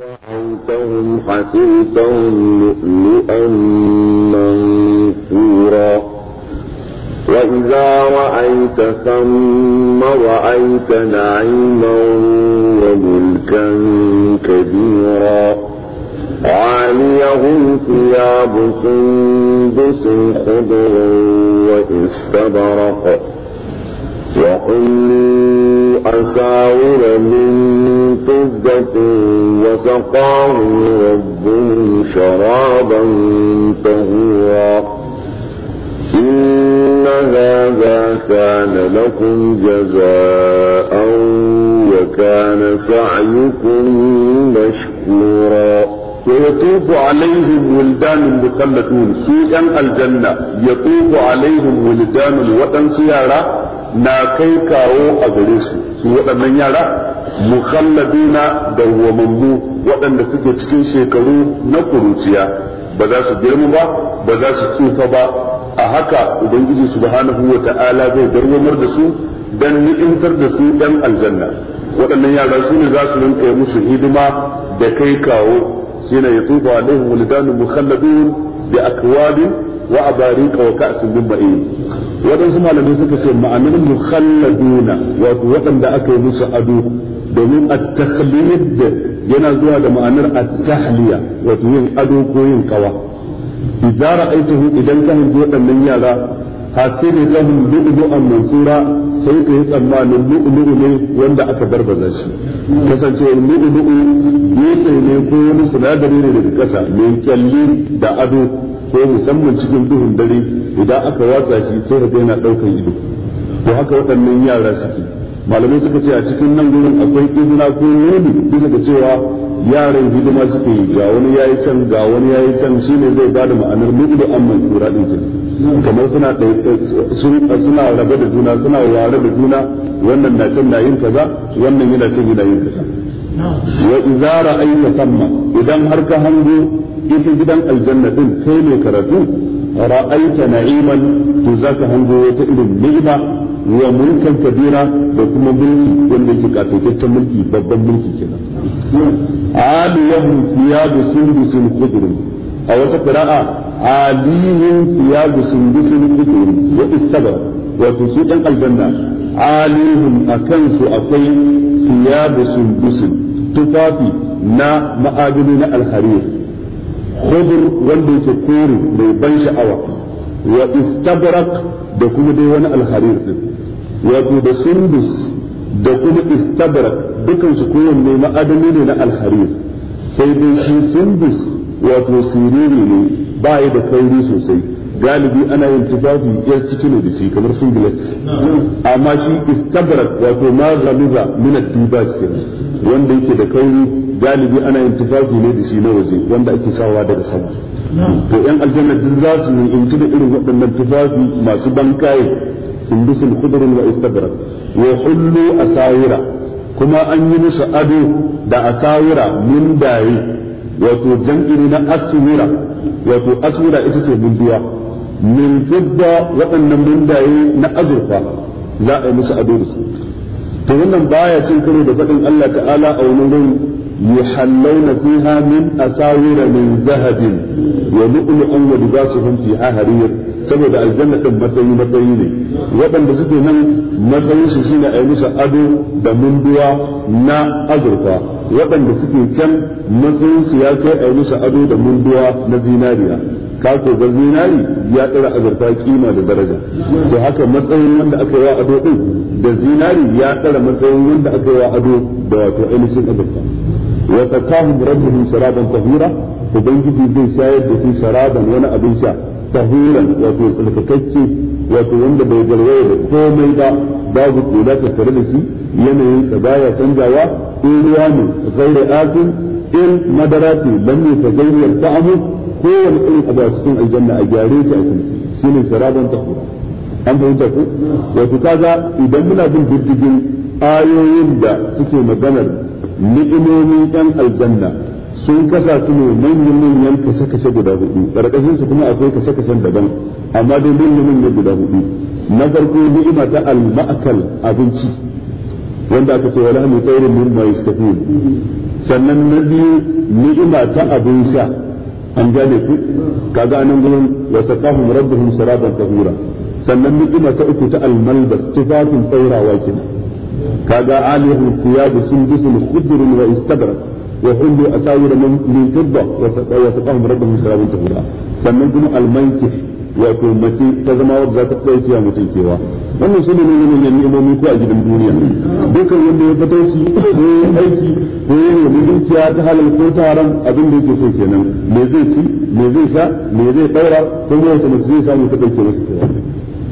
رأيتهم حسيتهم لؤلؤا منثورا وإذا رأيت ثم رأيت نعيما وملكا كبيرا عاليهم ثياب سندس خضر واستبرق لي أساور من فضة وسقاه ربه شرابا طهورا إن هذا كان لكم جزاء وكان سعيكم مشكورا ويطوف عليهم ولدان مخلدون سوءا الجنة يطوف عليهم ولدان وتنسيارا na kai kawo a gare su su waɗannan yara na da wamammu waɗanda suke cikin shekaru na kuruciya ba za su girma ba ba za su tsufa ba a haka ubangiji subhanahu wata'ala zai darwamar da su dan ni'imtar da su dan aljanna waɗannan yara su ne za su rinka musu hidima da kai kawo shine yatufu alaihim walidan mukhalladun bi akwabin wa abariqa malamai suka ce ma'anar mukhalladuna wato waɗanda aka yi musu ado domin at-takhlid yana zuwa da ma'anar a tahliya wato yin ado ko yin kawa idza ra'aytuhu idan ka hango waɗannan yara hasiri lahum du'du'an mansura sai ka yi tsammanin lu'lu'u ne wanda aka barbaza shi kasancewa lu'lu'u dutse ne ko wani sinadari ne daga ƙasa mai kyalli da ado ko musamman cikin duhun dare idan aka watsa shi sai ka yana daukan ido to haka waɗannan yara suke malamai suka ce a cikin nan gurin akwai izina ko nuni bisa ga cewa yaran hidima suke yi ga wani yayi can ga wani yayi can shine zai bada ma'anar mu'idu amman sura din kenan kamar suna suna rabe da juna suna ware da juna wannan na can na yin kaza wannan yana can yana yin kaza wa idza ra'aita thamma idan har ka hango ita gidan aljanna din kai ne karatu ra'aita na'iman to zaka hango wata irin ni'ima wa mulkan kabira da kuma mulki wanda yake kasaitaccen mulki babban mulki kenan aliyahum thiyabu sundusin khudrin a wata qira'a aliyahum thiyabu sundusin khudrin wa istabara wa su dan aljanna alihum akan su akwai thiyabu sundusin tufafi na ma'adini na alharir hudur wanda yake kore mai ban sha'awa wa istabrak da kuma dai wani alharir din wato da sundus da kuma istabrak dukan su kowanne ma'adani ne na alharir sai dai shi sundus wato siriri ne ba da kauri sosai galibi ana yin tufafi yar cikin da shi kamar singlet amma shi istabrak wato ma galiba min ad-dibaj wanda yake da kauri galibi ana yin tufafi ne da shi na waje wanda ake sawa daga sama to yan aljanna duk za su ni'imci da irin waɗannan tufafi masu ban kaye sundusul khudrun wa istabrak wa hullu asawira kuma an yi musu ado da asawira min daye wato jam'i na aswira wato aswira ita ce munduwa min fidda waɗannan mundaye na azurfa za a yi musu ado da su to wannan baya cin karo da faɗin Allah ta'ala a wani wurin yuhallawna fiha min asawira min zahabin wa lu'lu'an wa libasuhum fiha harir saboda aljanna din matsayi matsayi ne waɗanda suke nan matsayin su shine a yi musu ado da munduwa na azurfa waɗanda suke can matsayinsu ya kai a musu ado da munduwa na zinariya ka ga zinari ya ɗara azurfa kima da daraja to haka matsayin wanda aka yi ado din da zinari ya ɗara matsayin wanda aka yi ado da wato ainihin azurfa wa sakahum rabbuhum sharaban tahura ubangiji zai shayar da su sharaban wani abin sha tahiran wato tsarkakakke wato wanda bai garwaye da komai ba babu kula tattare da shi yanayin sa baya canjawa in ruwa ne gairi asin in madara ce lam yataghayyar ta'amu kowane irin abu a cikin aljanna a gyare ta a kinci shine sharaban tahura an fahimta ku wato kaga idan muna bin diddigin ayoyin da suke maganar ni'imomin yan aljanna sun kasa su ne manyan manyan kashe-kashe guda hudu ƙarƙashin su kuma akwai kashe-kashen daban amma dai manyan manyan guda hudu na farko ni'ima ta al-ma'akal abinci wanda aka ce wala mu tayrin min ma yastafun sannan na biyu ni'ima ta abin sha an gane ku kaga anan gurin wa saqahum rabbuhum saraban tahura sannan ni ni'ima ta uku ta almalbas tufafin tsairawa kenan kaga alihum thiyabu sundusul khudrun wa istabrak wa hullu asawir min fidda wa saqahum rabbuhum saraban tahura sannan kuma almankif wato mace ta zama wadda za ta tsaye ciya mutum kewa wannan shi ne ne ne ni'imomi ko a gidan duniya dukkan wanda ya fatauci ko aiki ko ya nemi dukiya ta halal ko ta haram abin da yake so kenan me zai ci me zai sha me zai ɗaura ko wata mace zai samu ta ɗauke masa kewa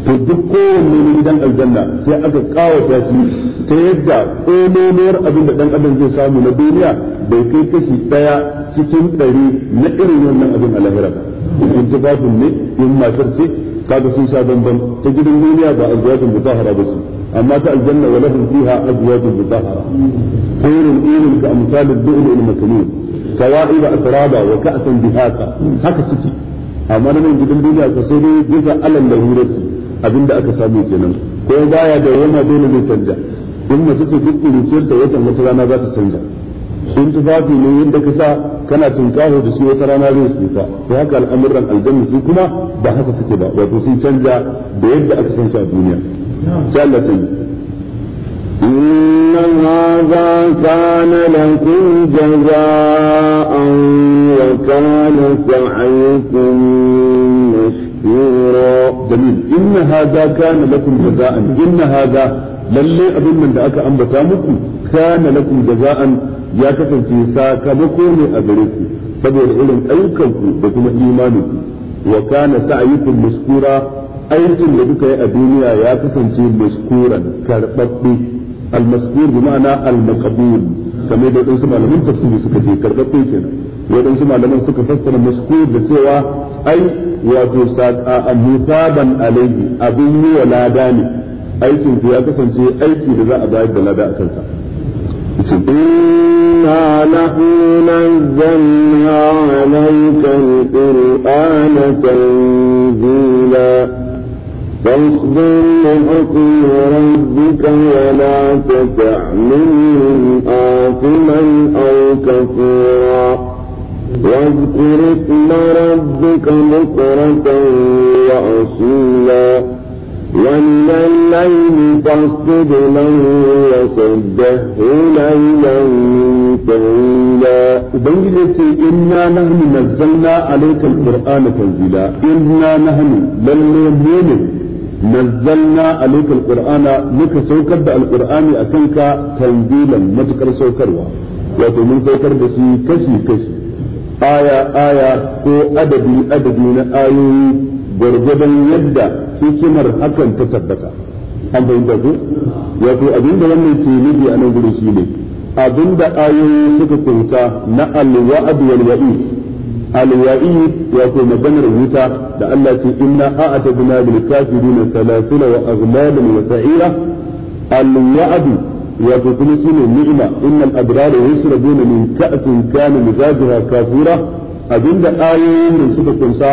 to duk kowanne ne gidan aljanna sai aka kawata shi ta yadda komomiyar abin da dan adam zai samu na duniya bai kai kashi ɗaya cikin ɗari na irin wannan abin a lahira ba in tufafin ne in matar ce kaga sun sha bamban ta gidan duniya ba azwajin mutahara ba su amma ta aljanna wa lahum fiha azwajin mutahara khairun ilmin ka amsalid du'l al makanun kawa'ib atraba wa ka'san bihaka haka suke amma nan gidan duniya ko sai dai bisa alal lahirati abinda aka samu kenan ko baya da yana dole zai canja in mace ce duk kuruciyar ta watan wata rana za ta canja in tufafi ne yadda ka sa kana tunkaho da shi wata rana zai su ka to haka al'amuran aljanna su kuma ba haka suke ba wato sun canja da yadda aka san shi a duniya sai Allah ta yi إن هذا كان لكم جزاء وكان سعيكم مشكورا جميل إن هذا كان لكم جزاء إن هذا للي أبن من دعك أنبتا مكم كان لكم جزاء ya kasance sakamako ne a gare ku saboda irin ayyukanku da kuma imaninku wa kana sa'yukum maskura aikin da kuka yi a duniya ya kasance maskuran karbabbe al-maskur bi ma'ana al-maqbul kamar da wadansu malaman tafsiri suka ce karbabbe kenan wadansu malaman suka fassara maskur da cewa ai wato sa'a musaban alayhi abin yi wa lada ne aikin ku ya kasance aiki da za a bayar da lada a kansa إنا نحن نزلنا عليك القرآن تنزيلا فاصبر لحكم ربك ولا تطع منهم آثما أو كفورا واذكر اسم ربك بكرة وأصيلا ومن الليل فاصدد له وسبه ليلا طويلا بنجزتي إنا نحن نزلنا عليك القرآن تنزيلا إنا نحن للمؤمنين نزلنا عليك القرآن لك سوكر القرآن أتنك تنزيلا متكر سوكروا وتمن سوكر بسي كسي كسي آية آية كو أدبي أدبي آيوي gwargwadon yadda hikimar hakan ta tabbata an fahimta ku wato abinda wannan ke nufi a nan gudun shi ne abinda ayoyi suka kunsa na alwa'ad wal wa'id alwa'id wato maganar wuta da Allah ce inna a'atadna lil kafirin salasila wa aghlalan wa sa'ira alwa'ad wato kuma shine ni'ima innal abrara yashrabuna min ka'sin kana mizajuha kafura abinda ayoyin suka kunsa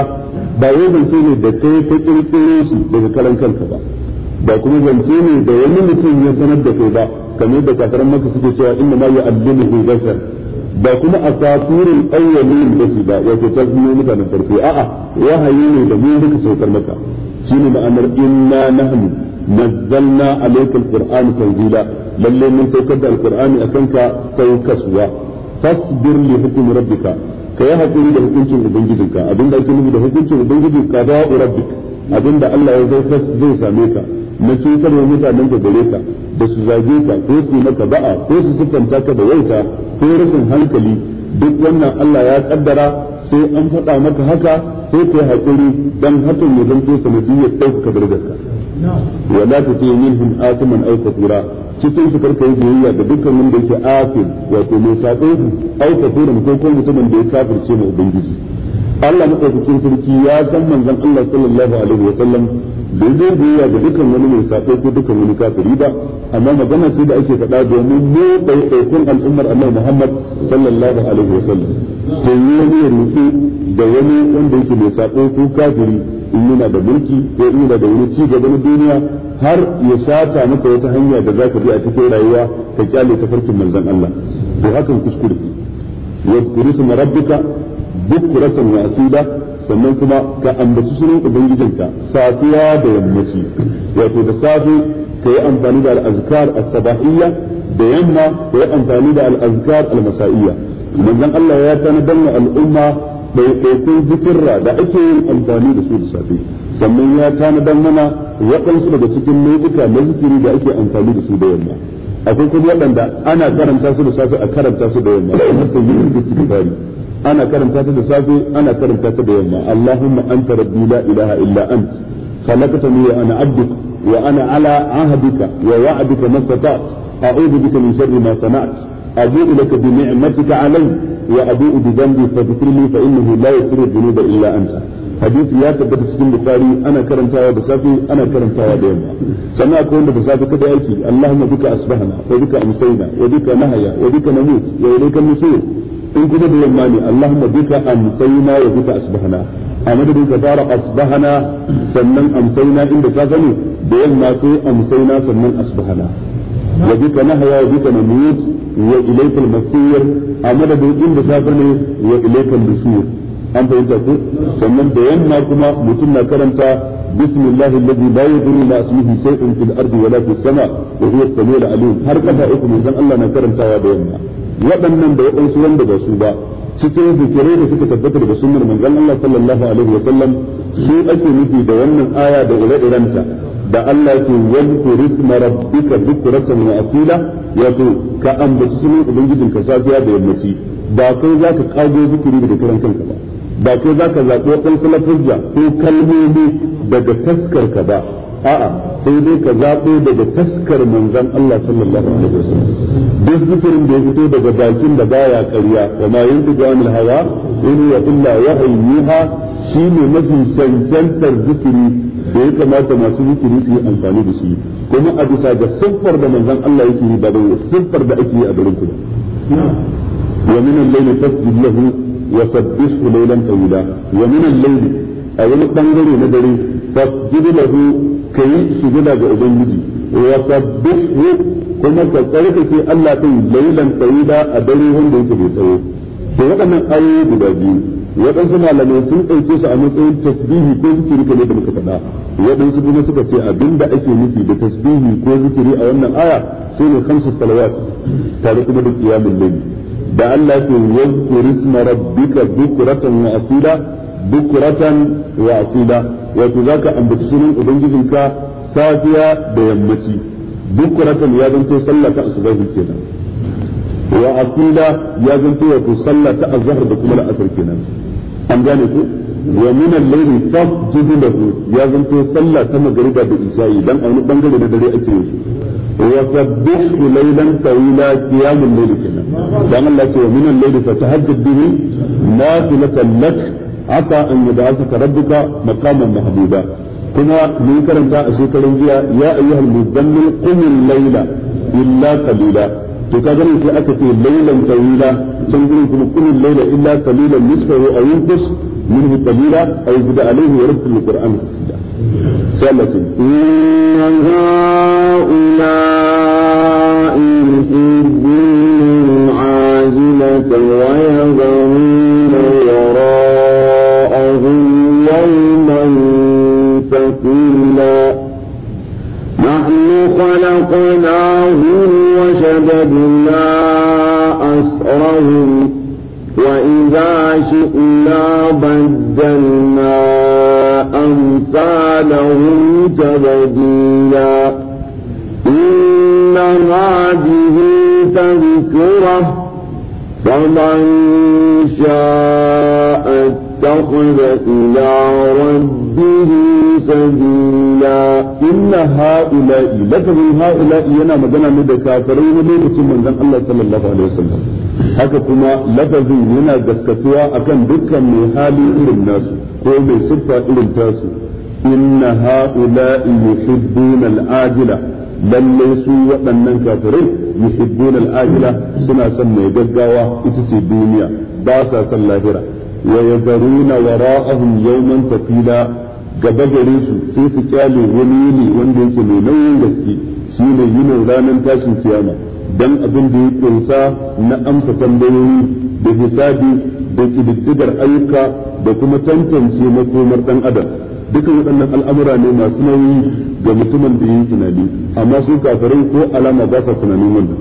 ba wai zance ne da kai ta kirkiro shi daga kalan kanka ba ba kuma zance ne da wani mutum ya sanar da kai ba kamar da kafiran maka suke cewa inna ma ya'allimuhu bashar ba kuma asafirul awwalin da shi ba wato tasmiyo mutanen farko a'a wahayi ne da mun saukar maka shine ma'anar inna nahnu nazzalna alayka alquran tanzila lalle mun saukar da alqur'ani akan ka saukaswa fasbir li hukmi rabbika ka yi hakuri da hukuncin ubangijinka abinda ake nufi da hukuncin ubangijinka da rabbik abinda Allah ya zai zai same ka na cutar wa mutanen ka gare ka da su zage ka ko su maka ba'a ko su siffanta ka da wauta ko rashin hankali duk wannan Allah ya kaddara sai an faɗa maka haka sai kai hakuri dan hakan ya zanto sanadiyyar ɗaukaka darajarka wala ta ce minhum asiman aw cikin su karka yi biyayya da dukkan wanda yake afil wato mai saƙon su auka ko da ko mutumin da ya kafirce mai ubangiji Allah madaukakin sarki ya san manzon Allah sallallahu alaihi wa sallam da zai biyayya da dukkan wani mai saƙo ko dukkan wani kafiri ba amma magana ce da ake faɗa domin mu ɗaiɗaikun al'ummar Allah Muhammad sallallahu alaihi wa sallam to ne ne da wani wanda yake mai saƙo ko kafiri in yana da mulki ko in yana da wani ci gaba na duniya har ya sata maka wata hanya da za ka bi a cikin rayuwa ka kyale ta farkin manzon Allah to hakan kuskure wa kurisma rabbika bukratan wa asida sannan kuma ka ambaci sunan ubangijinka safiya da yammaci wato da safe ka yi amfani da al'azkar as-sabahiyya da yamma ka yi amfani da al'azkar al-masa'iyya manzon Allah ya tanadar al'umma ɗaiɗaikun zikirra da ake yin amfani da su da safe sannan ya tanadar mana waɗansu daga cikin nau'uka na zikiri da ake amfani da su da yamma akwai kuma waɗanda ana karanta su da safe a karanta su da yamma sai yin istighfari ana karanta ta da safe ana karanta ta da yamma allahumma anta rabbi la ilaha illa ant khalaqtani wa ana abduka wa ana ala ahdika wa wa'dika mastata'tu a'udhu bika min sharri ma sana'tu أبوء لك بنعمتك علي وأبوء بذنبي فاغفر لي فإنه لا يغفر الذنوب إلا أنت hadisi ya tabbata cikin bukari ana karantawa da safe ana karantawa da yamma sannan akwai da safe kada aiki allahumma bika asbahna wa bika amsayna wa bika nahaya wa bika namut wa ilayka nusur in kuma da yamma ne allahumma bika amsayna wa bika asbahna a madadin ka fara asbahana sannan amsayna inda da yamma sai amsayna sannan asbahana na bika nahaya wa ilaikal masir a madadin da safar ne wa ilaikal masir an fahimta ko sannan da yamma kuma mutum na karanta bismillahi alladhi la yadurru ma ismihi shay'un fil ardi wala fis sama wa huwa as-samiul alim har kafa uku manzon Allah na karantawa da yamma waɗannan da waɗansu wanda ba su ba cikin zikirai da suka tabbata daga sunnar manzon Allah sallallahu alaihi su ake nufi da wannan aya da ire-irenta da Allah ke wadkuru isma rabbika bukratan wa asila wato ka ambaci sunan ubangijin ka safiya da yammaci ba kai za ka kago zikiri da kiran kanka ba ba kai za ka zaɓi waɗansu lafazza ko kalmomi daga taskar ka ba a'a sai dai ka zaɓo daga taskar manzan Allah sallallahu alaihi wasallam duk zikirin da ya fito daga bakin da baya ƙarya wa ma yantiqu wani hawa in huwa illa wahyuha shine mafi cancantar zikiri da ya kamata masu zikiri su yi amfani da shi kuma a bisa ga siffar da manzan Allah yake yi ba da siffar da ake yi a garin ku wa min al-layli fasjud lahu wa sabbihu laylan tawila wa min al-layli a wani bangare na dare fasjud lahu kai sujuda ga ubangiji wa sabbihu kuma ka tsarkake Allah din lailan tsayyida a dare wanda yake bai tsaye to waɗannan ayoyi guda biyu waɗansu malamai sun ɗauke su a matsayin tasbihi ko zikiri kamar da muka faɗa waɗansu kuma suka ce abinda ake nufi da tasbihi ko zikiri a wannan aya su ne khamsu salawat tare kuma da qiyamul layl da Allah ke yadhkuru isma rabbika bukratan wa asila bukratan wa asila wato zaka ambaci sunan ubangijinka safiya da yammaci bukuratan ya zanto sallah ta asubahi kenan wa asila ya zanto wato sallah ta azhar da kuma al'asr kenan an gane ku wa min al-layli fasjudu lahu ya zanto sallah ta magriba da isha'i dan a wani bangare na dare ake yin وسبحه ليلا طويلا قيام الليل كنا دام الله ومن الليل فتهجد به نافلة lak. عسى أن يبعثك ربك مقاما محمودا كما من كرمتا أشيكرا يا أيها المزمل قم الليل إلا قليلا to ka gani sai aka ce lailan tawila can gurin kuma kullun laila illa qalilan nisfahu aw yunqus minhu qalila aw yazid alayhi wa rattil alquran tasdida sai Allah ce inna haula yuhibbun ajilata wa yadhurun قيلا نحن خلقناهم وشددنا أسرهم وإذا شئنا بدلنا أمثالهم تبديلا إن هذه تذكرة فمن شاء اتخذ إلى ربه جهيلا إن هؤلاء لفظ هؤلاء ينا مدنا ندى كافرين ليلة من ذن الله صلى الله عليه وسلم haka kuma lafazin yana gaskatuwa akan dukkan mai hali irin nasu ko mai siffa irin tasu inna ha'ula'i yuhibbuna al'ajila lalle su waɗannan kafirai yuhibbuna al'ajila suna son mai gaggawa ita ce duniya ba sa son lahira wa yazaruna wara'ahum yawman thaqila gaba gare su sai su kyale wani yini wanda yake mai nauyin gaske shi ne yinin ranar tashin kiyama dan abin da ya kunsa na amsa tambayoyi da hisabi da kididdigar ayyuka da kuma tantance makomar dan adam dukan waɗannan al'amura ne masu nauyi ga mutumin da yi tunani amma su kafirai ko alama ba sa tunanin wannan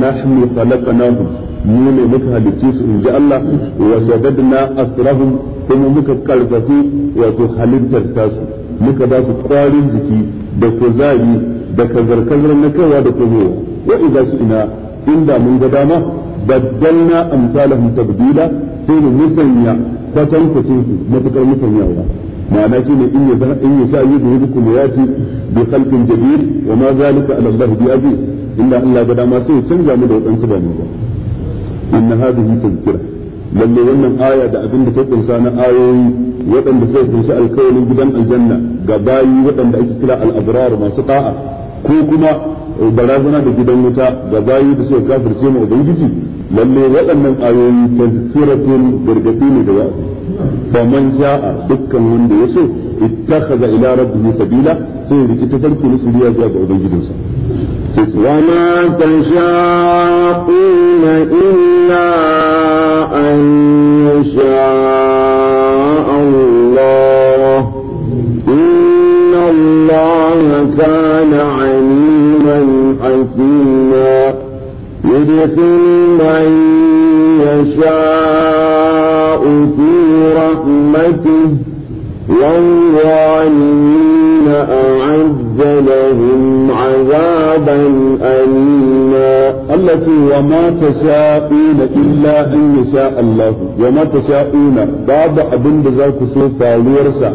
nahnu khalaqnahum mu ne muka halicce su in Allah wa shaddadna asrahum kuma muka karfafi wato halittar tasu muka ba su kwarin jiki da kuzari da kazar na kaiwa da kuma wa'i ba su ina inda mun ga dama baddalna amsalahum tabdila sai mu musanya kwatan kucin su matukar musanyawa Mana shi ne in yi sa yi da hudu bi halkin jadid wa ma zalika ala Allah bi aziz inda Allah ga sai canja mu da waɗansu ba ne ba inna hadhihi tadhkira lalle wannan aya da abin da ta kunsa na ayoyi waɗanda suka kunsa alkawalin gidan aljanna ga bayi waɗanda ake kira al'abrar masu ta'a ko kuma barazana da gidan wuta ga bayi da suka kafirce mu ubangiji lalle waɗannan ayoyi tazkiratun gargaɗi ne da wa'azi fa man sha'a dukkan wanda ya so ittakhadha ila rabbihi sabila sai rikita farki na shiriya zuwa ga ubangijinsa وما تشاءون إلا أن يشاء الله إن الله كان عليما حكيما يدخل من يشاء في رحمته والظالمين أعد عذابا أليما التي وما تشاءون إلا أن يشاء الله وما تشاءون بعد أبن بزاك سوفا ليرسى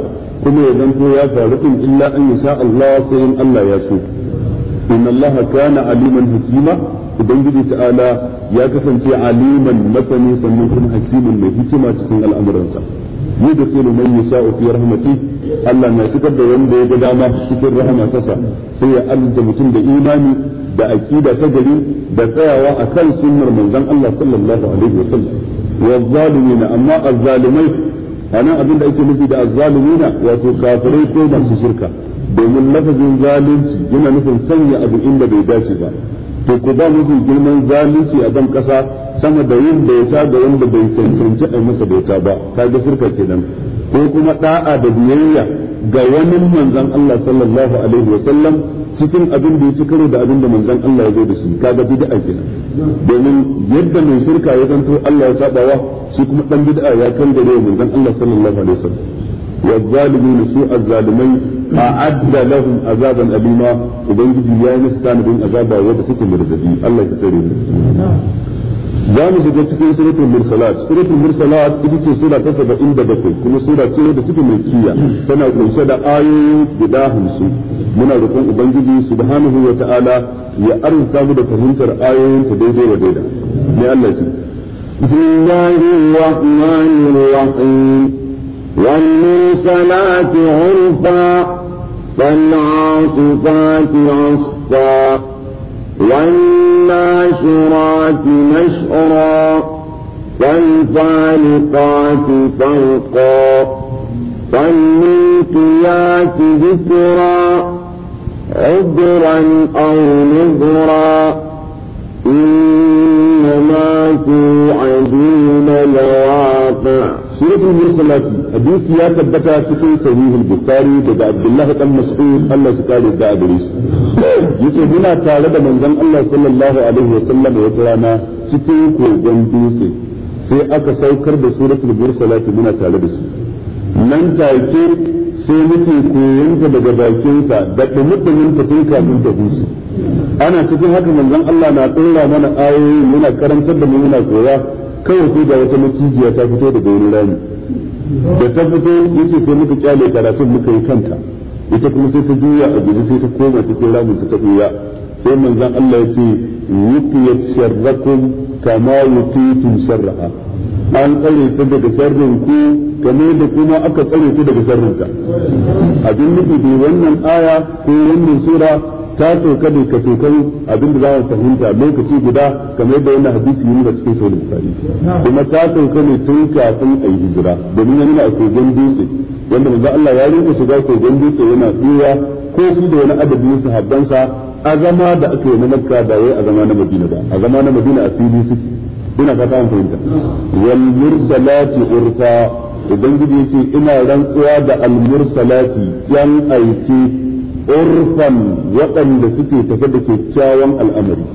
كما يزنتو يا فارقين إلا أن يشاء الله سيئن الله يسوف إن الله كان عليما حكيما ubangiji ta'ala ya kasance aliman masani sannan kuma hakimin mai hikima cikin al'amuransa yudkhilu man yasha'u fi rahmati Allah na shigar da wanda ya ga dama cikin rahmatarsa sai ya azza mutum da imani da aƙida ta gari da tsayawa akan sunnar manzon Allah sallallahu alaihi wasallam والظالمين أما الظالمين أنا أبين أيك نفي ده الظالمين وتكافرين كما شركة domin lafazin zalunci yana nufin sanya abu inda bai dace ba to ko ba mafi girman zalunci a dan kasa sama da yin bauta ga wanda bai cancanci a masa bauta ba ga shirka kenan ko kuma da'a da biyayya ga wani manzon Allah sallallahu alaihi wa sallam cikin abin da ya ci karo da abin da manzon Allah ya zo da shi ga bid'a kenan domin yadda mai shirka ya zanto Allah ya wa shi kuma dan bid'a ya kan da manzon Allah sallallahu alaihi wa sallam wa zalimin su'a zalimai a'adda lahum azaban alima ubangiji ya musu tanadin azaba wadda take mirzadi Allah ya tsare mu za mu shiga cikin suratul mursalat suratul mursalat ita ce sura ta 77 kuma sura ce da take mai kiya tana kunshe da ayoyi guda 50 muna roƙon ubangiji subhanahu wa ta'ala ya arzuta mu da fahimtar ayoyin ta daidai da daidai. ne Allah ce bismillahir rahmanir rahim wal mursalat urfa فالعاصفات عصفا والناشرات نشرا فالفالقات فرقا فالملكيات ذكرا عذرا أو نذرا إنما توعدون لواقع suratul mursalati hadisi ya tabbata cikin sahihul bukhari daga abdullahi dan mas'ud Allah su kare da gare shi yace muna tare da manzon Allah sallallahu alaihi wasallam wata rana cikin kogon dutse sai aka saukar da suratul mursalati muna tare da su nan take sai muke koyonta daga bakinsa da dumudumin ta tun kafin ta husu ana cikin haka manzon Allah na tsora mana ayoyi muna karantar da mu muna koya kawai sai ga wata macijiya ta fito daga wani rami da ta fito yace sai muka kyale karatun muka yi kanta ita kuma sai ta juya a guje sai ta koma cikin ramin ta tafiya sai manzon Allah ya ce yutiyat sharrakum kama yutitum sharraha an tsare ta daga sharrin ku kamar da kuma aka tsare ku daga sharrin ta abin nufi da wannan aya ko wannan sura ta sauka ne ka tokan abin da za a fahimta lokaci guda kamar da wannan hadisi yana cikin sahih bukhari kuma ta sauka ne tun kafin a yi hijira domin yana a kogon dutse wanda manzo Allah ya rinka shiga kogon dutse yana tsira ko su da wani adadin sa azama da aka yi na Makka ba azama na Madina ba azama na Madina a fili suke ina fata an fahimta wal mursalati urfa ubangiji yace ina rantsuwa da al mursalati yan aiki urfan waɗanda suke tafe da kyakkyawan al'amari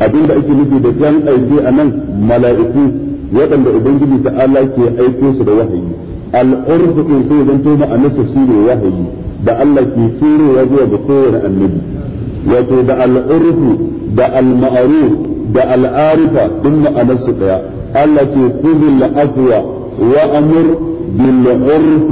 abinda ake nufi da jan aike a nan mala'iku waɗanda ubangiji ta Allah ke aiko su da wahayi al'urfu ɗin sai zanto ma'anarsa shi ne wahayi da Allah ke turowa zuwa ga kowane annabi wato da al'urfu da al da al'arifa duk ma'anarsu ɗaya Allah ce kuzin afwa wa amur بالعرف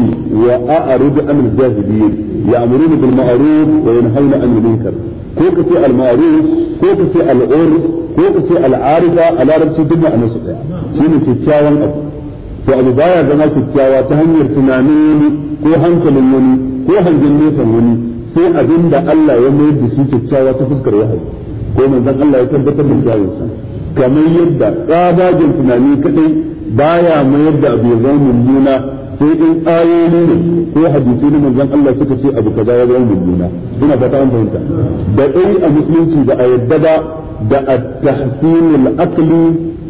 وأعرض عن الجاهلين يأمرون بالمعروف وينهون عن المنكر كوكسي المعروف كوكسي العرف كوكسي العارفة على رأس الدنيا أنا سؤال سيني كتاوان أبو to abu baya zama kyakkyawa ta hanyar tunanin wani ko hankalin wani ko hangen nesan wani sai abinda Allah ya mayar da shi kyakkyawa ta fuskar wahayi ko manzon Allah ya tabbatar da kamar yadda tsabagen tunani kadai baya mayar da abu ya zama mummuna sai in ayoyi ne ko hadisi ne manzon Allah suka ce abu kaza ya zama mummuna ina fata an fahimta da dai a musulunci da a yadda ba da at-tahsin al-aqli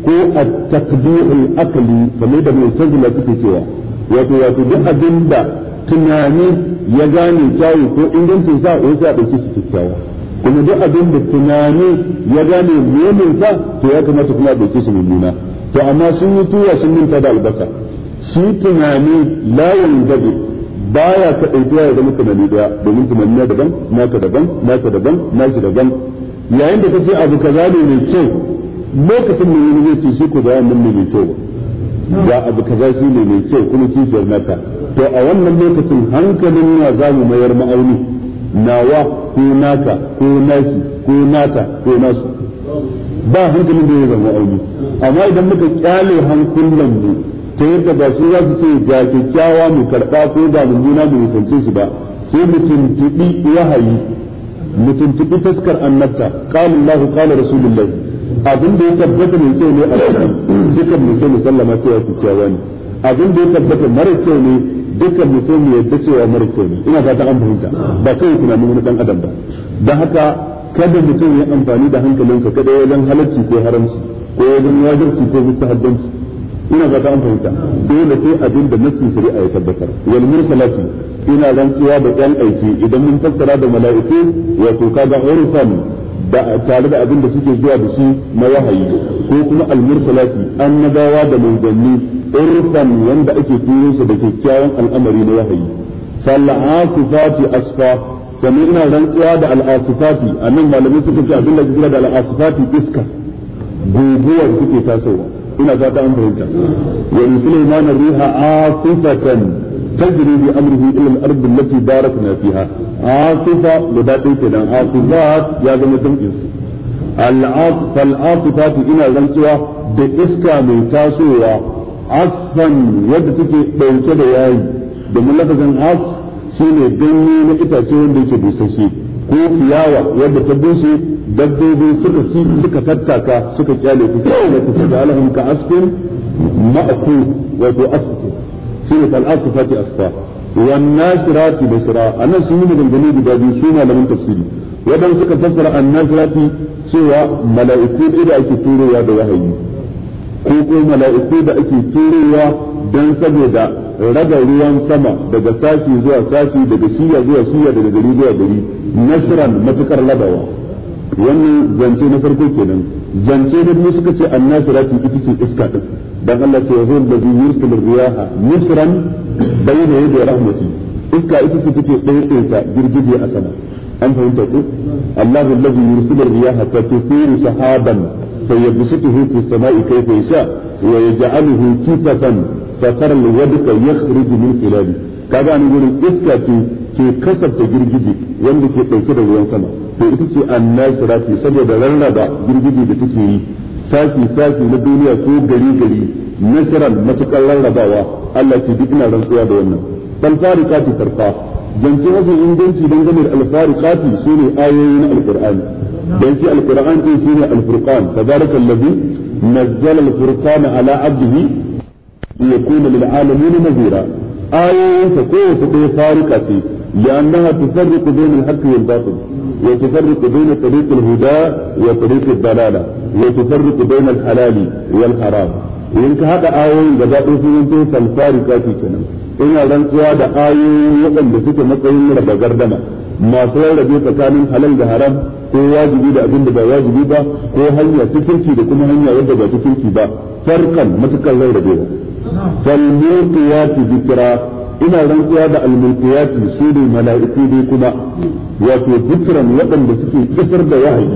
ko at-taqbih al-aqli kamar da mu'tazila suke cewa wato wato duk abin da tunani ya gane kyawu ko ingancin sa wasu ya dauke shi kyakkyawa kuma duk abin da tunani ya gane munin sa to ya kamata kuma a dauke shi mummuna to amma sun yi tuya sun minta da albasa shi tunani layin gabe baya ka ɗaukiya ya zama tunani daya domin tunani na daban naka daban naka daban nashi daban yayin da kace abu kaza ne mai kyau lokacin mai wani zai ce shi ko bayan nan mai kyau ba abu kaza shi ne mai kyau kuma kishiyar naka to a wannan lokacin hankalin na za mu mayar ma'auni nawa ko naka ko nashi ko nata ko nasu ba hankalin da ya zama aure amma idan muka kyale hankulan mu ta yadda ba su za su ce ga kyakkyawa mu karɓa ko ga mummuna mu nisance su ba sai mu tuntuɓi wahayi mu tuntuɓi taskar annabta qala Allahu qala rasulullah abin da ya tabbata mai kyau ne a cikin dukan mu sai mu sallama cewa kyakkyawa ne abin da ya tabbata mara kyau ne dukan mu sai mu yadda cewa mara kyau ne ina fata an fahimta ba kai tunanin wani dan adam ba dan haka kada mutum ya amfani da hankalinsa kada wajen halarci ko haramci ko wajen wajarci ko mustahabbanci ina ta amfani fahimta dole sai abin da nassin shari'a ya tabbatar wal mursalati ina rantsuwa da yan aiki idan mun fassara da mala'iku wato kaga urfan da tare da abin da suke zuwa da shi na wahayi ko kuma al-mursalati annabawa da manzanni urfan wanda ake turo su da kyakkyawan al'amari na wahayi fal asifati asfa sannan ina rantsuwa da al'asifati nan malamai suka ce abin da kira da al'asifati iska guguwa da take tasowa ina fata an fahimta wa in sulaiman riha asifatan tajri bi amrihi ila al-ard allati barakna fiha asifa guda ɗaya kenan asifat ya zama jam'in su al'asifati ina rantsuwa da iska mai tasowa asfan yadda take ɗauke da yayi domin lafazin asf shine ganye na itace wanda yake busasshe ko ciyawa wanda ta bushe dabbobi suka ci suka tattaka suka kyale su sai su ga alhum ka asfin ma'ku wato asfi shine kal asfati asfa wan nasirati basra anan sun yi magana guda biyu su malamin tafsiri wadan suka fassara an nasirati cewa mala'iku da ake turowa da wahayi ko ko mala'iku da ake turowa dan saboda raga ruwan sama daga sashi zuwa sashi daga shiya zuwa shiya daga gari zuwa gari Nasiran matukar labawa wannan zance na farko kenan zance na mu suka ce annasirati ita ce iska din dan Allah ta yahu da biyu yursilu riyaha nusran bayna yadi rahmati iska ita ce take ɗaiɗaita girgije a sama an fahimta ku Allah biyu allazi yursilu riyaha Ta tatufiru sahaban fayyabsutuhu fi samai kayfa yasha wa yaj'aluhu kifatan fatar wadka yakhruju min khilabi kaga ni gurin iska ce ke kasafta girgije wanda ke dauke da ruwan sama to ita ce annasirati saboda rarraba girgije da take yi sashi sashi na duniya ko gari gari nasiran matukar rarrabawa Allah ce duk ina rantsuwa da wannan dan kati farfa zance mafi inganci dangane kati alfarikati sune ayoyi na alqur'ani dan shi alqur'an din sune alfurqan tabarakallazi nazzala alfurqana ala abdihi ليكون للعالمين نذيرا آية تكون تكون فارقة لأنها تفرق بين الحق والباطل وتفرق بين طريق الهدى وطريق الضلالة وتفرق بين الحلال والحرام in ka haɗa ayoyin da zaɓin sun yanto salfarika ce kenan ina rantsuwa da ayoyi waɗanda suke matsayin raba gardama masu rarrabe tsakanin halal da haram ko wajibi da abin da ba wajibi ba ko hanya ta kirki da kuma hanya wadda ba ta kirki ba farkan matukar rai da bai falmulqiyati dhikra ina rantsuwa da almulqiyati su ne mala'iku dai kuma wato dhikran waɗanda suke kisar da wahayi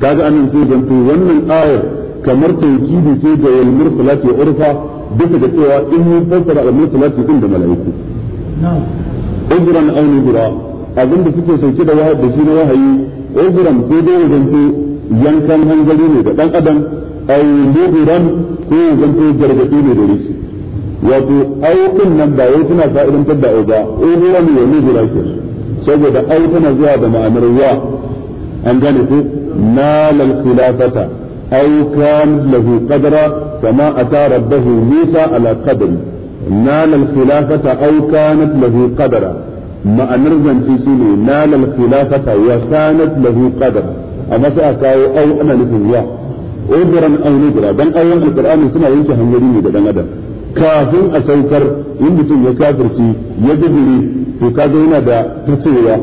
kaga anan sai zanto wannan ayar kamar tawkidi ce ga wal mursalati urfa bisa da cewa in mun fassara al mursalati din da mala'iku ujran aw nidra abinda suke sauke da wahayi da shi na wahayi uzuran ko ya zanto yankan hanzari ne da dan adam ai luburan ko ya zanto gargadi ne da rishi wato ayyukan nan ba wai tana fa'idantar da ba uzuran ya lubura ke saboda ai tana zuwa da ma'anar wa an gane ko nalal khilafata أو كان له قدرا كما أتى ربه موسى على na نال الخلافة أو كانت lahu قدرا ma'anar zance shine lalal khilafata ya kanat lahu qadar a sai aka kawo au ana nufin wa udran aw nudra dan ayoyin alqur'ani suna yanke hanyar ne da dan adam kafin a saukar in mutum ya kafirci ya bijire to kaga yana da tacewa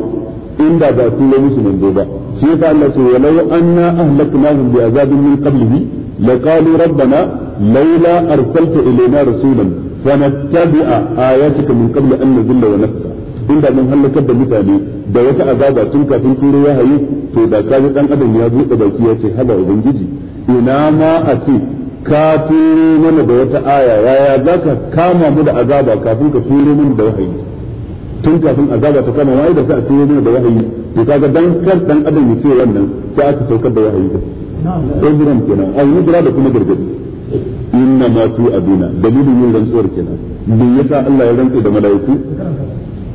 inda ba a tura musu manzo ba shi yasa Allah ce walau anna ahlaknahum bi azabin min qablihi laqalu rabbana laula arsalta ilayna rasulan fanattabi'a ayatika min qabli an nadilla wa nafsa inda mun halakar da mutane da wata azaba tun kafin turo ya hayi to da kaji dan adam ya buɗe baki ya ce haba ubangiji ina ma a ce ka turo mana da wata aya yaya za ka kama mu da azaba kafin ka turo mana da wahayi tun kafin azaba ta kama wai da sai a turo mana da wahayi to kaga dan kan dan adam ya ce wannan sai aka saukar da wahayi din ibran kenan ai jira da kuma gargadi inna ma tu abina dalilin yin rantsuwar kenan me yasa Allah ya rantsa da malaiku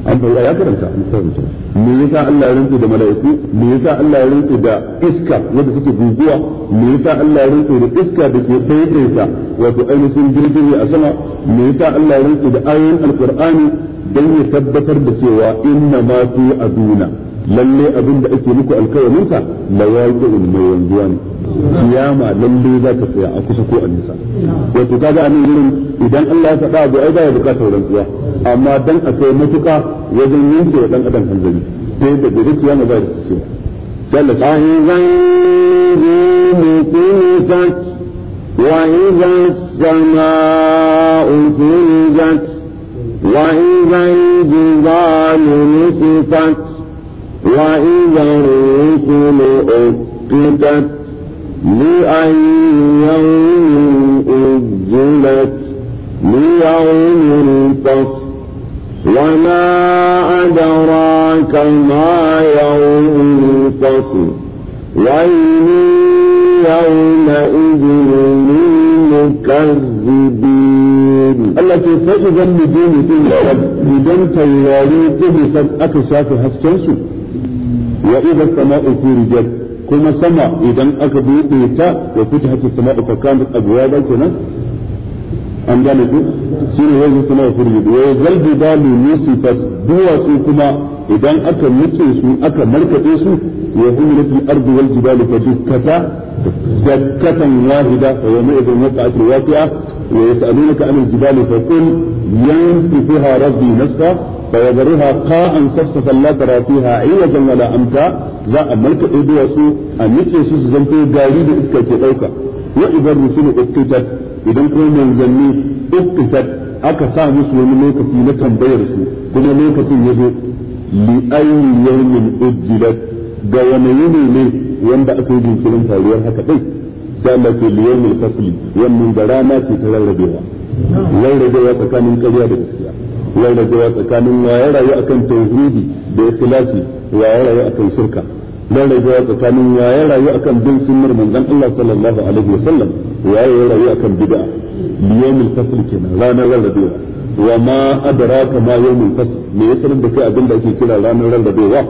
an bai ya karanta an karanta me yasa Allah ya rantsa da mala'iku me yasa Allah ya rantsa da iska wanda suke guguwa me yasa Allah ya rantsa da iska da ke daidaita wato ainihin girgije a sama me yasa Allah ya rantsa da ayoyin alqur'ani dan ya tabbatar da cewa inna ma tu aduna lalle abin da ake muku alkawarin sa la waqi'un mai yanzuwa ne kiyama lalle za ta tsaya a kusa ko a nisa wato kaga a nan gurin idan Allah ya faɗa abu ai ba ya bukatar rantsuwa amma dan akai matuka wajen yanke wa dan adam hanzari ta yadda gobe kiyama za ta tsaya sallallahu alaihi wa sallam وإذا السماء فرجت وإذا الجبال نسفت وإذا الرسل أقتت لأي يوم أجلت ليوم الفصل وما أدراك ما يوم الفصل ويل يومئذ للمكذبين التي فإذا النجوم تنشب إذا تياري تبسط أكساك هسكنسو وإذا السماء فرجت كما سما إذا أكبر إيتاء وفتحت السماء فكانت أبوابا كنا أم ذلك سنة وإذا السماء فرجت وإذا الجبال نصفت دوا سوكما إذا أكبر مكيسو أكبر ملكة إيسو وحملت الأرض والجبال فتكتا دكة واحدة ويومئذ وقعت الواقعة ويسألونك عن الجبال فقل ينفخها ربي نسفا فيذرها قاء صفصفا لا ترى فيها عوجا ولا امتا za a malka ɗaiɗuwa su a nike su su gari da iska ke ɗauka wa idan rusulu ukkitat idan kuma manzanni ukkitat aka sa musu wani lokaci na tambayar su kuma lokacin ya zo li ayyi yawmin ujjilat ga wani ne wanda aka yi jinkirin faruwar haka ɗai za a ce li yawmin fasli wannan da rana ce ta rarrabewa rarrabewa tsakanin karya da gaskiya yana cewa tsakanin wa ya rayu akan tauhidi da ikhlasi ya rayu akan shirka dan rajuwa tsakanin wa ya rayu akan bin sunnar manzon Allah sallallahu alaihi wasallam ya rayu akan bid'a liyamul fasl kenan ranar rarrabewa wa ma adraka ma yawmul fasl me ya sanar da kai abin da ake kira ranar rarrabewa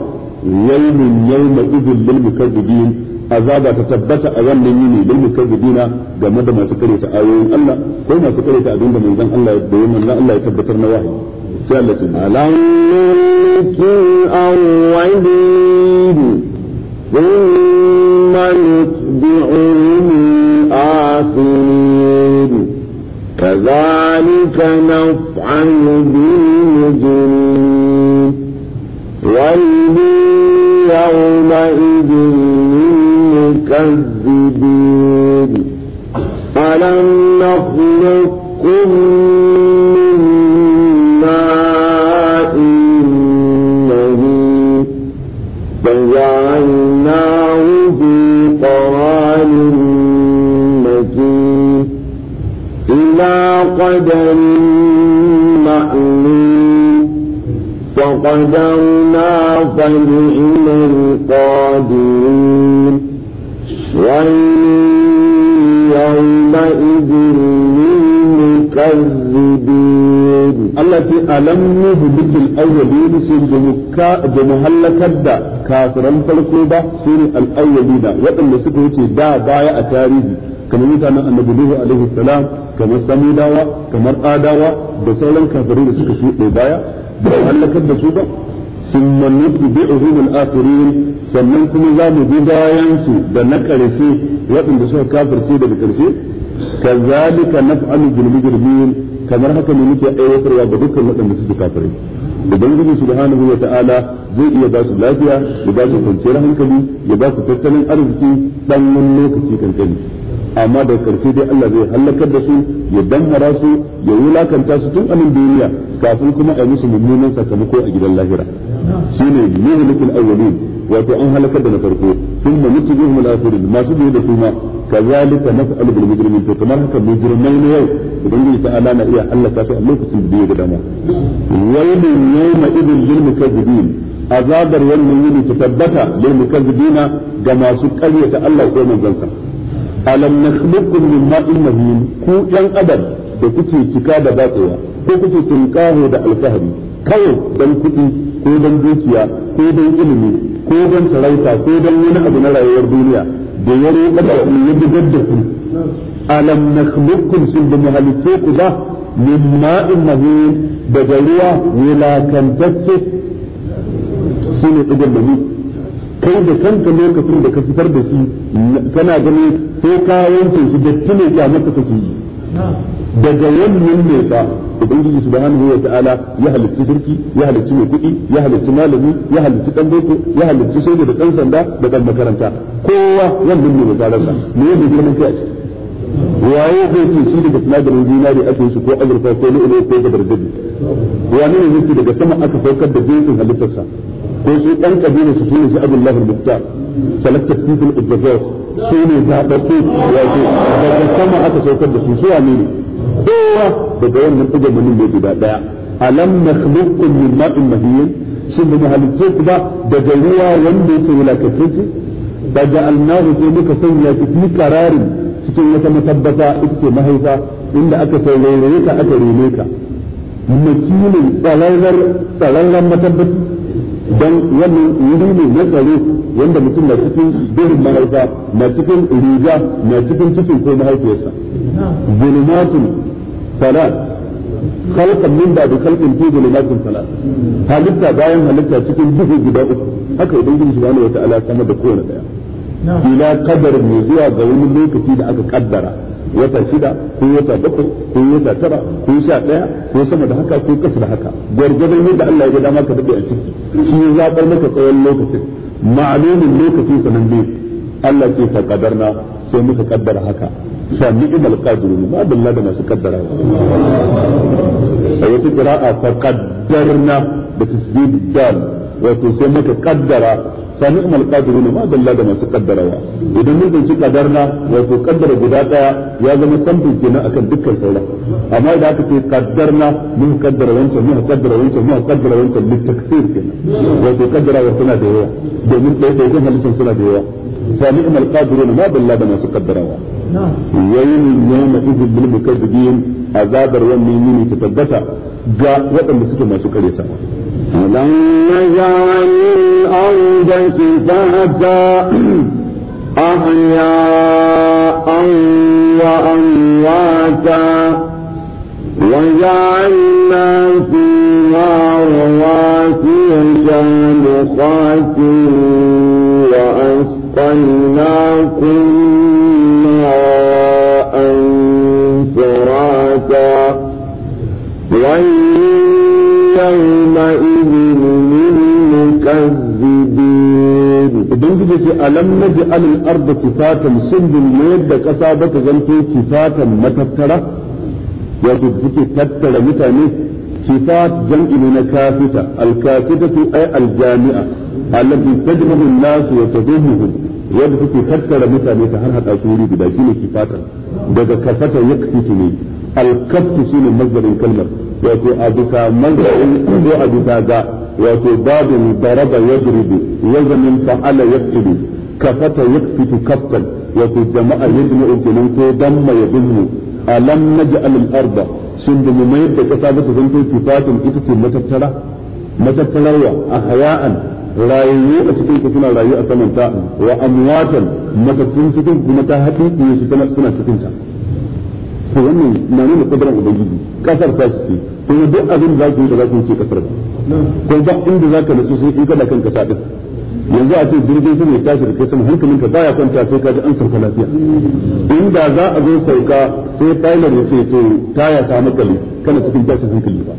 yawmun yawma idhil lil mukaddibin azaba ta tabbata a wannan yini lil mukaddibina game da masu karanta ayoyin Allah ko masu karanta abin da manzon Allah da manzon Allah ya tabbatar na wahayi ألم نهلك الأولين ثم نتبعهم الآخرين كذلك نفعل بالمجرمين ويل يومئذ للمكذبين ألم نخلقكم قدرنا فنعم القادرين يومئذ للمكذبين التي ألم نهلك الأولين سيد بمهلك الدا كافرا فالقوبة سير الأولين وأن سكوتي دا بايا أتاريبي kamar mutanen annabi Nuhu alaihi salam kamar Samidawa kamar Adawa da sauran kafirai da suka shuɗe baya bai halakar da su ba sun manutu bi uhumul asirin sannan kuma za mu bi bayan su da na karshe waɗanda suka kafirce daga ƙarshe na naf'alu bil mujrimin kamar haka ne muke aiwatarwa ga dukkan waɗanda suke kafirai su subhanahu wa ta'ala zai iya ba su lafiya ya ba su kwanciyar hankali ya ba su tattalin arziki ɗan wani lokaci kankani amma da karshe dai Allah zai halakar da su ya danhara su ya wulakanta su tun anan duniya kafin kuma a musu mummunan sakamako a gidan lahira shine muhlikul awwalin wato an halakar da na farko sun ma mutujuhum al-akhirin masu biyu da su ma kazalika naf'alu bil mujrimin to kamar haka mujrimai na yau ubangiji ta ala na iya ta su a lokacin da ya ga dama wailun yawma idil lil mukazzibin azabar wannan yini ta tabbata lil mukazzibina ga masu ƙaryata Allah ko manzon sa alam nakhluqukum min ma'in mahin ku yan adam da kuke cika da batsewa ko kuke tunkaho da alfahari kawai dan kuɗi ko dan dukiya ko dan ilimi ko dan sarauta ko dan wani abu na rayuwar duniya da ya roƙa da ku ya bugar da ku alam nakhluqukum sun da muhalice ku ba min ma'in mahin daga ruwa wulakantacce shine ɗigon da kai da kanka lokacin da ka fitar da shi kana gani sai ka wanke shi datti ne kyamarsa take yi daga wannan ne ba ubangiji subhanahu wa ta'ala ya halicci sarki ya halicci mai kuɗi ya halicci malami ya halicci dan boko ya halicci soja da dan sanda da dan makaranta kowa wannan ne misalansa me yake girman kai a ciki waye zai ce shi daga sinadarin da ake shi ko azurfa ko lu'ulu ko zabarjadi wani ne zai ce daga sama aka saukar da jinsin halittarsa ko su ɗan kabila su shine shi abin lahar muktar selected people of the vote su ne zaɓaɓɓu wato daga sama aka saukar da su su wane ne kowa daga wannan ɗigamanin ne guda ɗaya alam nakhluqkum min ma'in mahiyin shin ba mu halicce ku ba daga ruwa wanda yake wulakantacce ba ja'alnahu sai muka sanya shi fi qararin cikin wata matabbata ita ce mahaifa inda aka tauraye ka aka rene ka makilin tsararren matabbaci dan wannan wuri ne na tsaro wanda mutum na cikin birin mahaifa na cikin riga na cikin cikin ko mahaifiyarsa zulumatun salat khalqan min ba da khalqin fi zulumatun salat halitta bayan halitta cikin duhu guda uku haka idan ubangiji subhanahu ta'ala sama da kowane daya ila qadarin zuwa ga wani lokaci da aka kaddara wata shida ko wata bakwai ko wata tara ko sha daya ko sama da haka ko kasa da haka gwargwadon yadda Allah ya ga dama ka dade a ciki shi ya zabar maka tsawon lokacin ma'alumin lokacin sanan ne Allah ce ta kadarna sai muka kaddara haka fa ni'mal qadiru ma dalla da masu kaddara sai ta qira'a ta kaddarna da tasdid dal wato sai muka kaddara sami umar kajiru ne ma dalla da masu kaddarawa idan mun kadar na wato kaddara guda daya ya zama samfin kenan akan dukkan sauran amma da aka ce na mun kaddara wancan mun kaddara wancan mun kaddara wancan litakfir kenan wato kaddara wa tana da yawa domin ɗaya ɗaya kan halittar suna da yawa sami umar kajiru ne ma dalla da masu kaddarawa yayin kai idin bil mukazzibin azabar wannan yini ta tabbata ga waɗanda suke masu karyatawa alam naj'alil عندك فأتى أحياء وأمواتا وجعلنا فيها رواسي شامخات وأسقيناكم ماء فراتا ويل يومئذ للمكذبين ubangiji ce alam naj'al al arda kifatan sun bin da kasa ba ta zanto kifatan matattara wato da suke tattara mutane kifat jam'i ne na kafita alkafita kafitatu ay aljami'a jamia allati tajmu'u an-nas wa tadhumuhum yadda suke tattara mutane ta har hada su wuri guda shine kifatan daga kafata yakfitu ne al-kaftu shine mazdarin kalmar wato a bisa manza'in ko a bisa ga wato babu daraba yadribu ya zamin fa'ala yaktubu kafata yakfitu kaftan wato jama'a yajma'u kenan ko damma yadunnu alam a al-arda shin da mu mayar da kasa ba ta zanto kifatun ita ce matattara matattararwa a haya'an rayuwa a cikin ku suna rayuwa a samanta wa amwatan matattun cikin kuma ta haƙiƙi su suna cikinta. ta wannan na nuna kudurar ubangiji kasar ta su ce kuma duk abin da za zaki yi da zaki ce kasar ba ko ba inda za zaka nasu sai in kada kanka din yanzu a ce jirgin sama ya tashi da kai sama hankalin ka baya kwanta sai ka ji an sauka lafiya inda za a zo sauka sai pilot ya ce to taya ta makale kana cikin tashin hankali ba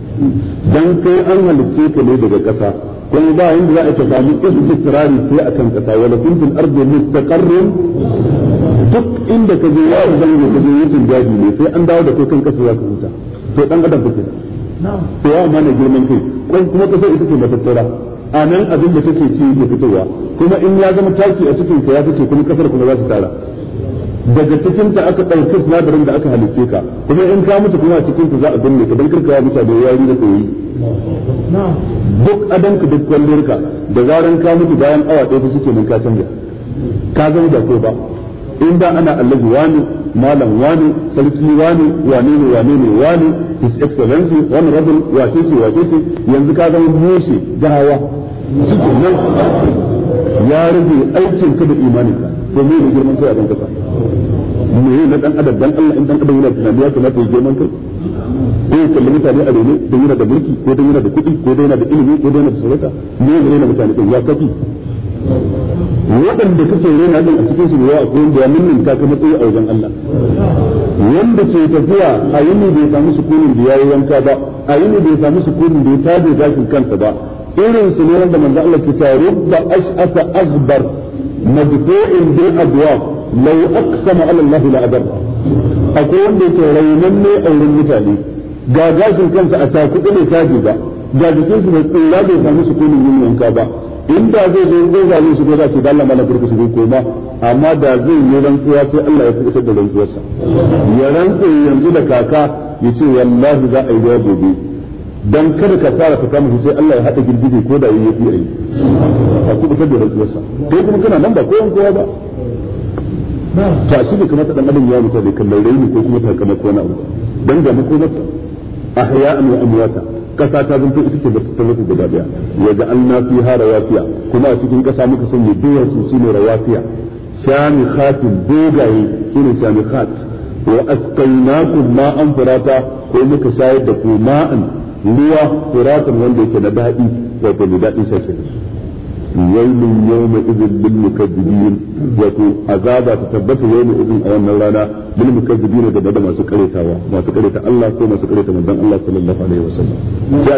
dan kai an halicce ka ne daga ƙasa kuma ba inda za a ka sami istikirari sai a kan ƙasa wala kuntul ardu mustaqarrin duk inda ka je ya zango ka je wucin gadi ne sai an dawo da kai kan ƙasa za ka huta to dan adam ba to ya ne girman kai kwan kuma kasar ita ce matattara a nan abin da take ci ke fitowa kuma in ya zama taki a cikin ka ya fice kuma kasar kuma za su tara daga cikin ta aka ɗauki sinadarin da aka halicce ka kuma in ka mutu kuma a cikin za a binne ka don karkawa mutane yari da koyi duk adan ka duk kwallon da zaran ka mutu bayan awa ɗaya fa suke mun ka canja ka zama da ko ba in da ana allazi wani malam wani sarki wani wane ne wane ne wani his excellency wani rabin wace ce wace ce yanzu ka zama mushe gawa su ke nan ya rage aikin ka da imanin ka to me ne girman kai a kan kasa me ne na dan adam dan Allah in dan adam yana tunani ya kamata ya girman kai ko ya kalli mutane a rene don yana da mulki ko don yana da kuɗi ko don yana da ilimi ko don yana da sarauta me ne na mutane ɗin ya kafi waɗanda kake rena din a cikin su yawa akwai wanda ya ka ka matsayi a wajen Allah wanda ke tafiya a yini bai samu sukunin da yayi wanka ba a yini bai samu sukunin da ya taje gashin kansa ba irin su ne wanda manzo Allah ke cewa rubba ash'asa azbar madfu'in bil adwaq law aqsama ala Allah la adar akwai wanda ke rainan ne a wurin mutane ga gashin kansa a kuɗi ne taje ba ga jikinsu da tsira bai samu sukunin yin wanka ba inda zai zo zai zalin shi ko za ce dalla mana kurku su koma amma da zai yi rantsuwa sai Allah ya kubutar da rantsuwarsa ya rantsa yanzu da kaka ya ce wallahi za a yi ruwa gobe dan kada ka fara ta kama sai Allah ya hada girgije ko da yayi yi a kubutar da rantsuwarsa kai kuma kana nan ba an kowa ba to shi ne kamata dan adam ya mutu da kallon raini ko kuma takama ko na abu dan ga mako masa ahya'an wa amwata kasa ta zanto ita ce ta mutu guda daya ya ga an na fi ha rawafiya kuma a cikin kasa muka sanya duwatsu su ne rawafiya shamikhatin dogaye su ne shamikhat wa ma an furata ko muka shayar da ku ma'an ruwa furatan wanda yake na daɗi wato da daɗin sake ويل يومئذ للمكذبين wato azaba ta tabbata yau izin a wannan rana bil mukazzibina da bada masu karetawa masu kareta Allah ko masu kareta manzon Allah sallallahu alaihi wasallam sai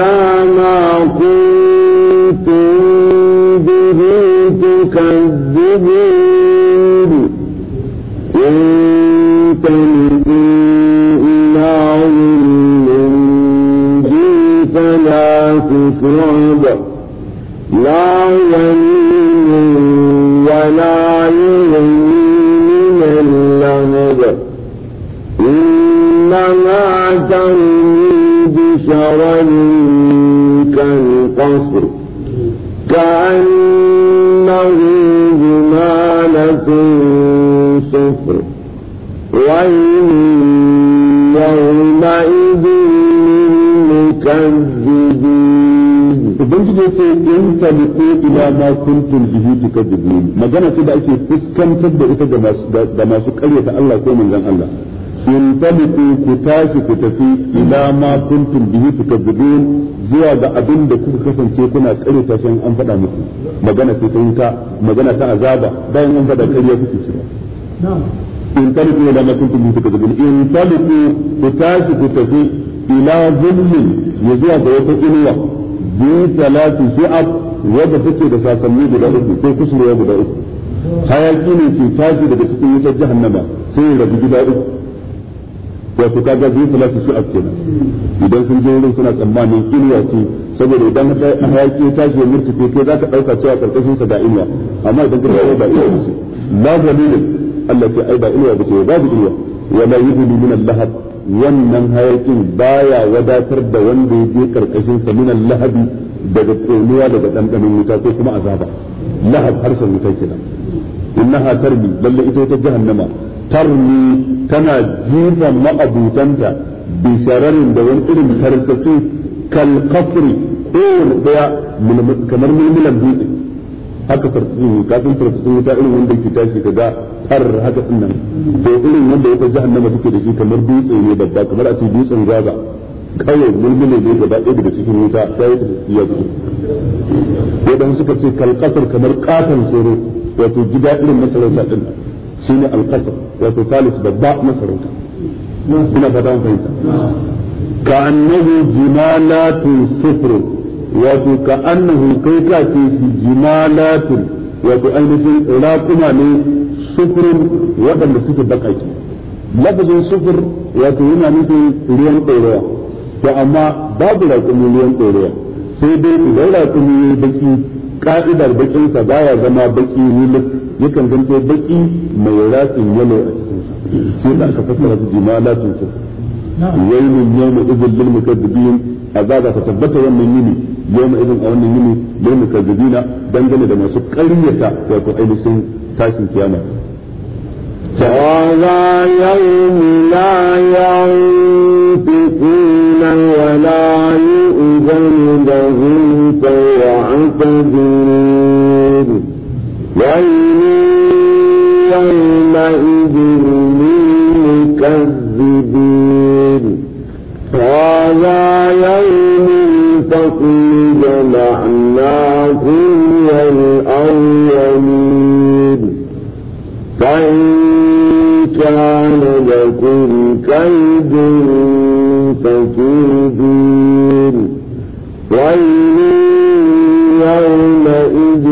Allah ta الكتاب لا يمين ولا يمين من اللمد إنما ترمي بشرا كالقصر كأنه جمالة صفر وإن يومئذ للمكذبين ubangiji ce in tabiqu ila ma kuntum bihi tukadzibun magana ce da ake fuskantar da ita ga masu karyata Allah ko manzon Allah in ta tabiqu ku tashi ku tafi ila ma kuntum bihi tukadzibun zuwa ga abin da kuka kasance kuna karyata shi an faɗa muku magana ce ta wuta magana ta azaba bayan an faɗa karya kuke ci ba in ta tabiqu ila ma kuntum bihi tukadzibun in ta tabiqu ku tashi ku tafi ila zulmin ya zuwa ga wata inuwa bi talati shi'ab wadda take da sasanni guda uku ko kusurwa guda uku hayaki ne ke tashi daga cikin wutar jahannama sai ya rabu gida uku wato kaga bi talati shi'ab kenan idan sun je wurin suna tsammanin inuwa ce saboda idan hayaki ya tashi ya murtufe kai ka dauka cewa karkashin sa da inuwa amma idan ka dawo ba inuwa ce la dalilin Allah ce ai ba inuwa ba ce babu inuwa wala yuhdi min al-lahab wannan hayakin baya wadatar da wanda ya je karkashin sa min lahabi daga tsoniya daga dandamin wuta ko kuma azaba lahab harshen wuta kenan innaha tarmi lalle ita ta jahannama tarmi tana jifa ma'abutanta bi da wani irin tarkace kal qasri ko daya kamar mulmulan dutse haka farfin ka san farfin wuta irin wanda ke tashi ka ga har haka din nan to irin wanda wata jahannama take da shi kamar dutse ne babba kamar a ce dutsen gaza kawai mulmule ne gaba ɗaya daga cikin wuta sai ta tafiya gudu wadan suka ce kalkasar kamar katon tsoro wato gida irin masarauta din shine alkasar wato talis babba masarauta ina fata mun fahimta ka annahu jimalatun sufrun wato ka annahu kai ka ce shi jimalatun wato ainihin raƙuma ne sufurin waɗanda suke baƙaƙi lafazin sufur wato yana nufin ruwan ɗorewa to amma babu raƙumi ruwan ɗorewa sai dai idan raƙumi ya baƙi ka'idar baƙinsa baya zama baƙi luk yakan zanto baƙi mai ratsin yalo a cikinsa sai da aka fassara su jimalatun sufur wailun yawma idhil lil mukaththibin azaba ta tabbata wannan yini goma idan a wannan yini lil mukazzibina dangane da masu ƙaryata wato ainihin tashin kiyama ne يوم لا ينطقون ولا يؤذن لهم فيعتذرون ويل يومئذ للمكذبين هذا يوم الفصل جمعناكم والأولين فإن كان لكم كيد فكيدون ويل يومئذ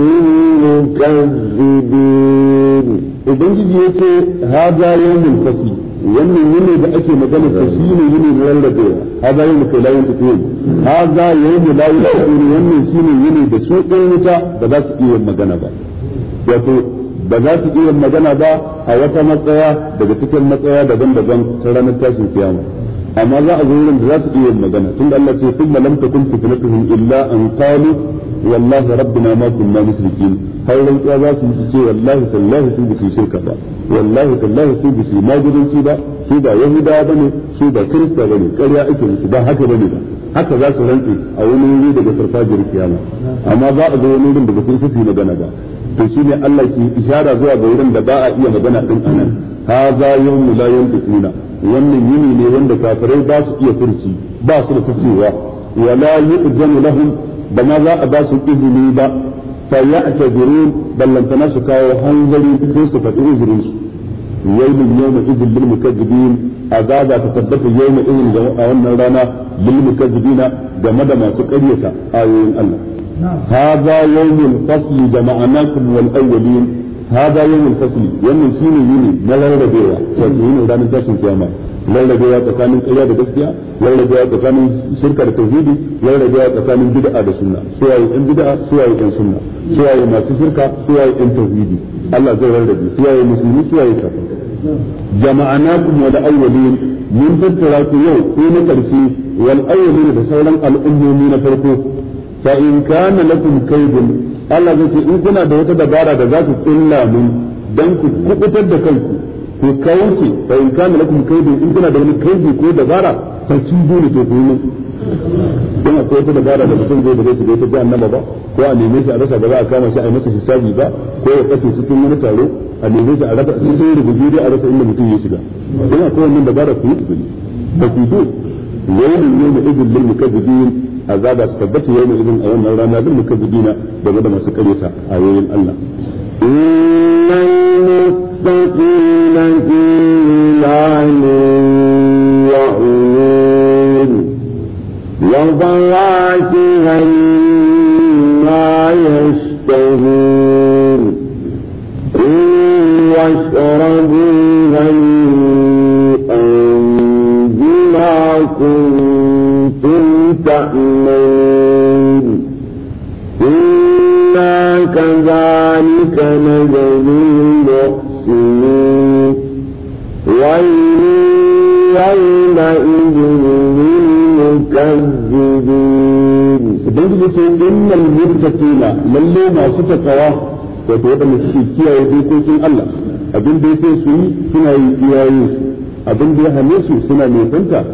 للمكذبين ubangiji ya ce haza yawmul fasl wannan yini da ake magana ta shi ne yini da rarrabewa haza yau kai layin tafiyin haza yi mu layin tafiyin wannan shi ne yini da su ɗin wuta ba za su iya magana ba wato ba za su iya magana ba a wata matsaya daga cikin matsaya daban-daban ta ranar tashin kiyama amma za a zo wurin da za su iya magana tun Allah ce kuma lam takun fitnatuhum illa an qalu wallahi rabbina ma kunna mushrikin har rantsuwa za su yi su ce wallahi tallahi su bisu shirka ba wallahi tallahi su bisu magudanci ba su ba ba ne su ba kirista bane karya ake musu ba haka bane ba haka za su rantsi a wani wuri daga farfajiyar kiyama amma za a zo wani wurin daga sun su magana ba to shine Allah ke ishara zuwa ga wurin da ba a iya magana din za hadha yawmu la yantiquna wannan yini ne wanda kafirai ba su iya furci ba su da tacewa wala yu'zanu lahum ba ma za a ba su izini ba fa ya'tazirun ballantana su kawo hanzari sai su faɗi uzurin su yawmin yawma idin lil mukazzibin azaba ta tabbata yawma idin a wannan rana lil mukazzibina game da masu ƙaryata ayoyin Allah هذا يوم الفصل جمعناكم والأولين هذا يوم الفصل يوم سيني يوني ما لا ربيع ودان الجسم كياما لا ربيع تكامل قيا بجسيا لا ربيع تكامل شركة التوحيد لا ربيع تكامل بدعة بسنة سواء إن بدعة سواء إن سنة suwaye masu shirka suwaye yan tauhidi Allah zai rarrabe suwaye musulmi suwaye kafir jama'anakum wa da awwalin mun tattara ku yau ko na karshe wal awwalin da sauran al'ummomi na farko fa in kana lakum kaydun Allah zai ce in kuna da wata dabara da za ku kulla mun dan ku kubutar da kanku ku kauce fa in kana lakum kaydun in kuna da wani kaidi ko dabara kan sun dole to kuma don akwai wata dabara da mutum zai da zai shiga ita ji annaba ba ko a neme shi a rasa ba za a kama shi a yi masa hisabi ba ko ya kace cikin wani taro a neme shi a rasa cikin rubutu dai a rasa inda mutum ya shiga don akwai wannan dabara ku yi tsibiri ba ku do wailin yau da izin lil mukazzibin azaba su tabbata yau da izin a wannan rana lil mukazzibina game da masu a ayoyin Allah innal muttaqina fi وفواكه مما يشتهون كلوا واشربوا هنيئا بما كنتم تأمرون إنا كذلك نجزي المحسنين مكذبين ubangiji ce innal muttaqina lalle masu takawa wato wadanda suke kiyaye dokokin Allah abin da yace su yi suna yi iyaye abin da ya hane su suna nisanta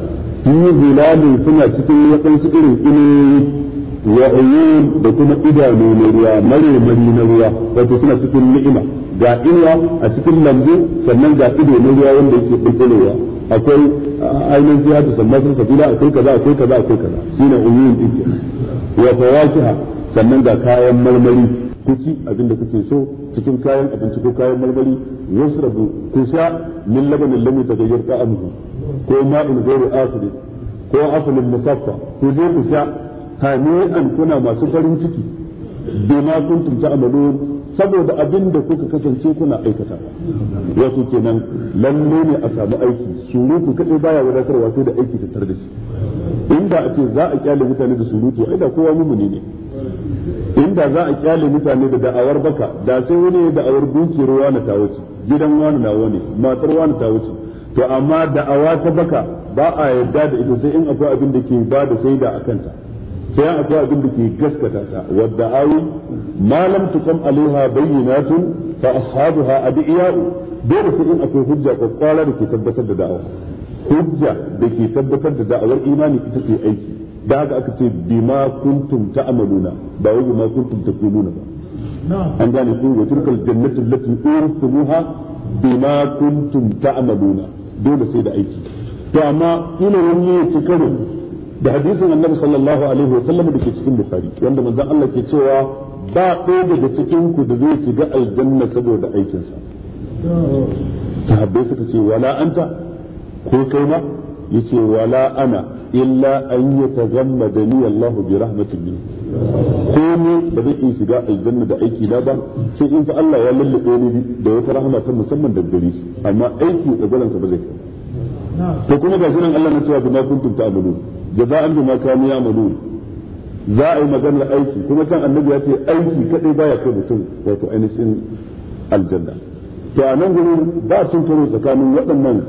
fi zilalin suna cikin waɗansu irin inuwoyi wa da kuma idanu na ruwa mare mari na ruwa wato suna cikin ni'ima ga inuwa a cikin lambu sannan ga ido na ruwa wanda yake bulbulowa akwai ainihin da sammasar sabila akwai kaza akwai kaza akwai kaza shine umiyun din wa fawakiha sannan ga kayan marmari ku ci abin da kuke so cikin kayan abinci ko kayan marmari yasrabu ku sha min labanin lam yataghayyar ta'amuhu ko ma'in ghayru asid ko asalin musaffa ku je ku sha hani'an kuna masu farin ciki bima kuntum ta'malun saboda abin da kuka kasance kuna aikata wato kenan lalle ne a samu aiki surutu kadai baya wadatarwa sai da aiki ta tar da shi inda a ce za a kyale mutane da surutu ai da kowa mumuni ne inda za a kyale mutane da da'awar baka da sai wani ya da'awar dukiyar wani ta wuce gidan wani na wani matar wani ta wuce to amma da'awa ta baka ba a yarda da ita sai in akwai abin da ke ba da saida a kanta sai akwai abin da ke gaskata ta wadda ayi ma lam tukam alaiha bayyinatun fa ashabuha adiya'u dole sai in akwai hujja kwakwara da ke tabbatar da da'awa hujja da ke tabbatar da da'awar imani ita ce aiki da haka aka ce bima kuntum ta'maluna ba wai bima kuntum takununa ba an gane ku wa tilkal jannatu allati ursumuha bima kuntum ta'maluna dole sai da aiki to amma ina wani ya ci karo da hadisin annabi sallallahu alaihi wasallam da ke cikin bukhari wanda manzon Allah ke cewa ba ɗaya daga cikin ku da zai shiga aljanna saboda aikinsa sahabbai suka ce wala anta ko kai ma yace wala ana illa an yataghammada ni Allah bi rahmatin min ko ne ba zai iya shiga aljanna da aiki na ba sai in fa Allah ya lallabe ni da wata rahama ta musamman da gare amma aiki da gwalansa ba zai kai to kuma ga sunan Allah na cewa bima kuntum ta'malun jaza'an bima kanu ya'malun za a yi maganar aiki kuma san annabi ya ce aiki kadai baya kai mutum wato ainihin aljanna to a nan gurin ba cin karo tsakanin waɗannan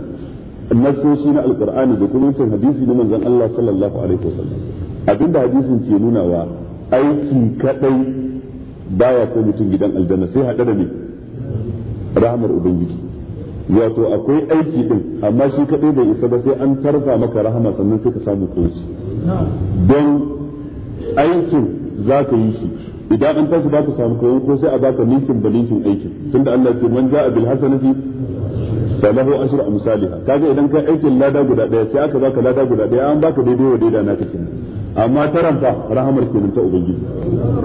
nasoshi na alkur'ani da kuma cin hadisi na manzon Allah sallallahu alaihi wasallam abinda hadisin ke nunawa aiki kadai baya kai mutum gidan aljanna sai hada da ne rahmar ubangiji wato akwai aiki din amma shi kadai bai isa ba sai an tarfa maka rahama sannan sai ka samu kunci don aikin za ka yi shi idan an tashi ba samu koyo ko sai a baka ninkin ba ninkin aikin tunda Allah ce man ja'a bil hasanati falahu ashru amsalha kaga idan yi aikin lada guda daya sai aka baka lada guda daya an baka daidai wa daidai na kake amma taranta rahamar kenan ta ubangiji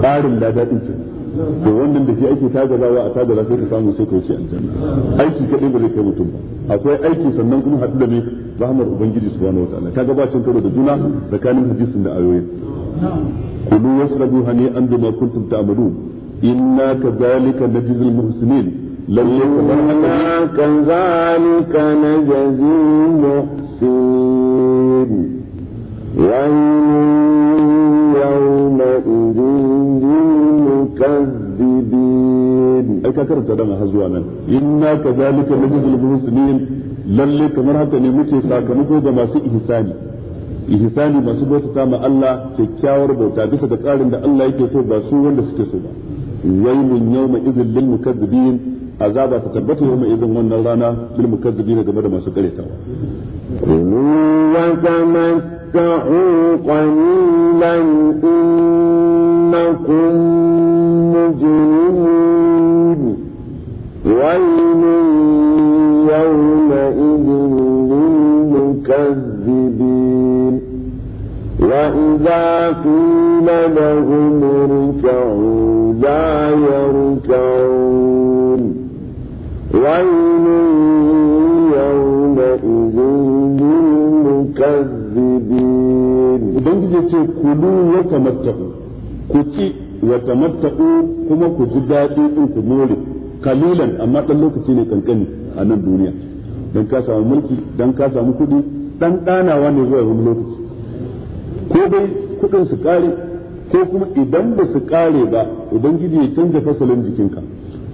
ƙarin lada din kenan to wannan da shi ake tagazawa a tagaza sai ka samu sai ka wuce aljanna aiki kadai ba zai kai mutum ba akwai aiki sannan kuma haɗu da me rahmar ubangiji subhanahu wataala kaga ba cin karo da juna tsakanin hadisin da ayoyin kulu wasrabu hani'an bima kuntum ta'malun inna kadhalika najzil muhsinin لما كذلك نجزي muhsinin ويل يومئذ للمحسنين mukazzibin ai ka karanta dan har zuwa nan inna kadhalika najzil muslimin lalle kamar haka ne muke sakamako ga masu ihsani ihsani masu bauta ma Allah kyakkyawar bauta bisa ga tsarin da Allah yake so ba su wanda suke so ba wailun yawma idhil lil mukazzibin azaba ta tabbata yawma idhin wannan rana lil mukazzibin game da masu karetawa kunu wa وإذا قيل لهم اركعوا لا يركعون ويل يومئذ للمكذبين ce ci kuma ku ji daɗi ɗin ku more kalilan amma ɗan lokaci ne kankani a nan duniya don ka samu mulki don ka samu kuɗi dan ɗanawa ne zuwa wani lokaci ko dai kuɗin su kare ko kuma idan ba su kare ba idan gidi ya canza fasalin jikinka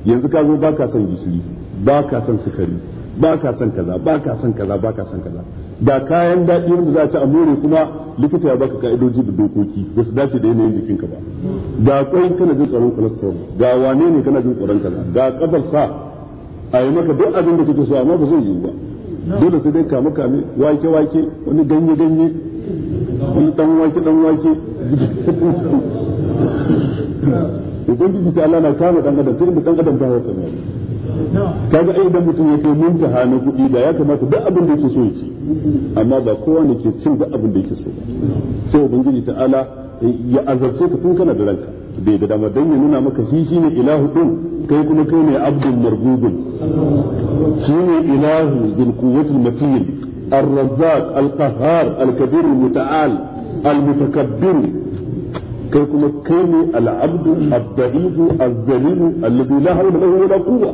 yanzu ka zo ba ka son gishiri ba ka son sukari ba ka son kaza ba ka son kaza ba ka son kaza da kayan daɗi wanda za a ci a more kuma likita ya baka ka'idoji da dokoki ba su dace da yanayin jikinka ba ga kwai kana jin tsoron cholesterol ga wane ne kana jin tsoron kaza ga kafar sa a yi maka duk abin da kake so amma ba zai yiwu ba dole sai dai kame kame wake wake wani ganye ganye yi dan wake dan wake ubangiji ta Allah na kama dan adam tun da dan adam ba wata mai kaga ai idan mutum yake kai muntaha na kuɗi da ya kamata duk abin da yake so ya ci amma ba kowa ne ke cin duk abin da yake so sai ubangiji ta ala ya azabce ka tun kana da ranka bai da dama dan ya nuna maka shi shine ilahu din kai kuma kai ne abdul marbubun shine ilahu zul quwwatil matin الرزاق القهار الكبير المتعال المتكبر kai kuma kai ne al'abdu abda'idu azzalilu alladhi la hawla lahu wala quwwa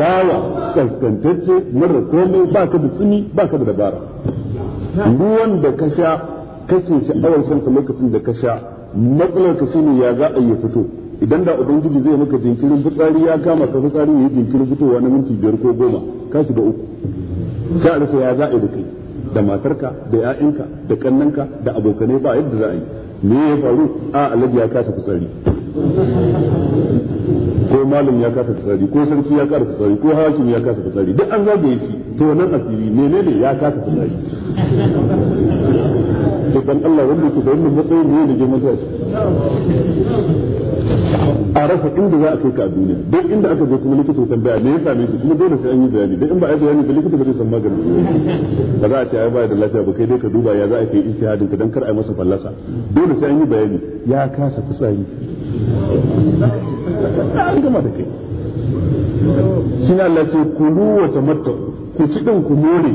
bawa kaskantacce mara komai baka da tsini baka da dabara ruwan da ka sha kake sha'awar son ka lokacin da ka sha matsalar ka shine ya za a yi fito idan da ubangiji zai maka jinkirin fitsari ya kama ka fitsari ya yi jinkirin fitowa na minti biyar ko goma ka shiga uku sai a ya za'a da kai da matarka da ƴaƴanka da kannanka da abokanai ba yadda za a yi me ya faru a alhaji ya kasa kusari ko malam ya kasa kusari ko sarki ya kasa kusari ko hakim ya kasa kusari duk an zagaye shi to nan asiri menene ya kasa kusari to dan Allah wanda ke da wannan matsayin ne da girman a rasa inda za a kai ka a duniya duk inda aka je kuma likita tambaya me ya same shi kuma dole sai an yi bayani duk in ba a yi bayani ba likita ba zai san maganin ba za a ce ai ba da lafiya ba kai dai ka duba ya za a kai ijtihadin ka dan kar a masa fallasa dole sai an yi bayani ya kasa fitsari an gama da kai shi ne Allah ce ruwa ta matta ku ci din ku more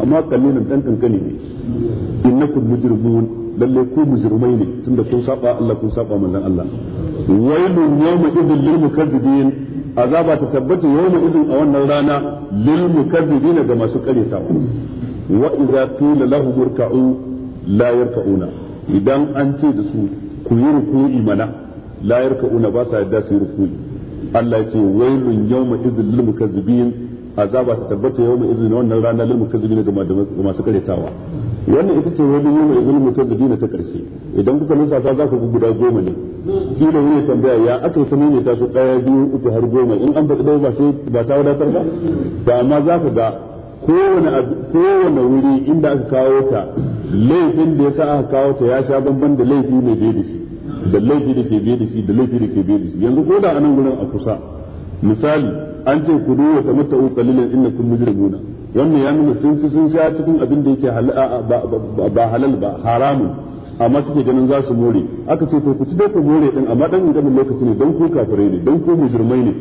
amma kallinan dan kankani ne innakum mujrimun lalle ku mujrimai ne tunda kun saba Allah kun saba manzon Allah wailun yawma idin lil mukazzibin azaba ta tabbata yawma idin a wannan rana lil mukazzibin ga masu karyatawa wa idza qila lahum irka'u la yarka'una idan an ce da su ku yi ruku'i mana la yarka'una ba sa yadda su yi ruku'i Allah ya ce wailun yawma idin lil mukazzibin azaba ta tabbata yau mai izini wannan rana lil mukazzibina ga masu karyatawa wannan ita ce wani yau mai izini mukazzibina ta karshe idan kuka lissafa za ku ga goma ne da wani tambaya ya aka ta nuna ta su daya biyu uku har goma in an faɗi ba sai ba ta wadatar ba ba amma za ka ga kowane wuri inda aka kawo ta laifin da ya sa aka kawo ta ya sha banban da laifi mai biye da shi da laifi da ke biye da shi da laifi da ke biye da shi yanzu ko da a nan gurin a kusa misali an ce ku duwa ta mata inna kun mujrimuna wannan ya nuna sun ci sun sha cikin abin da yake ba halal ba haramun amma suke ganin za su more aka ce to ku ci dai ku more din amma dan ganin lokaci ne dan ku kafirai ne dan ku mujrimai ne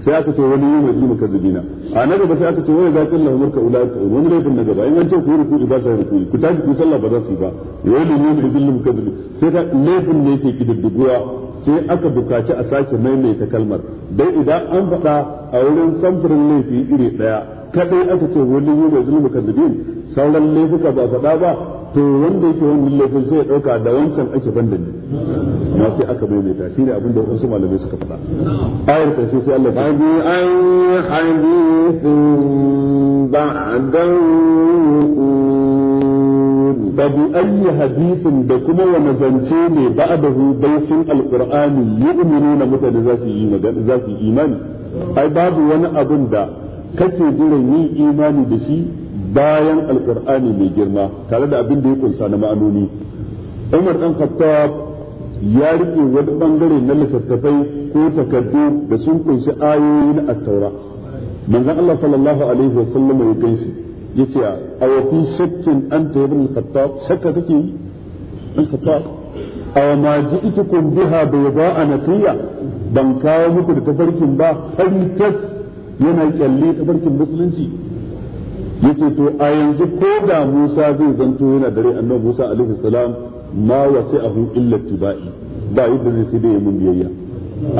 sai aka ce wani yi mai ilmi kazibina a nan gaba sai aka ce wani zakin lahumar ka ulaka ka wani laifin na gaba in an ce ku yi rukuni ba sai rukuni ku tashi ku sallah ba za su yi ba wani yi mai ilmi kazibi sai ka laifin ne yake kididdigowa sai aka bukaci a sake maimaita kalmar dai idan an faɗa a wurin samfurin laifi iri ɗaya kadai aka ce wani yi mai zulmi kazzabin sauran laifuka ba faɗa ba to wanda yake wani laifin sai ya ɗauka da wancan ake banda ne na sai aka maimaita shi ne abin da wasu malamai suka faɗa ayar ta sai Allah ya bi an hadithin ba'dan da bi ayi hadithin da kuma wani zance ne ba da alqur'ani yu'minuna mutane za su yi mutane za su yi imani ai babu wani abin da kake jiran yi imani da shi bayan Al'ƙur'ani mai girma tare da abin da ya kunsa na ma'anoni Umar dan Khattab ya rike wani bangare na littattafai ko takardu da sun kunshi ayoyi na at-taura manzon Allah sallallahu alaihi wasallam ya kai yace a wa fi shakkin anta ibn al-khattab shakka kake yi ibn khattab aw ma ji'tukum biha bayda'a naqiya ban kawo muku da tafarkin ba tas yana kyalle tafarkin musulunci yace to a yanzu ko da Musa zai zanto yana dare annabi Musa alaihi salam ma wasi'ahu illa tibai ba yadda zai sai da yayin biyayya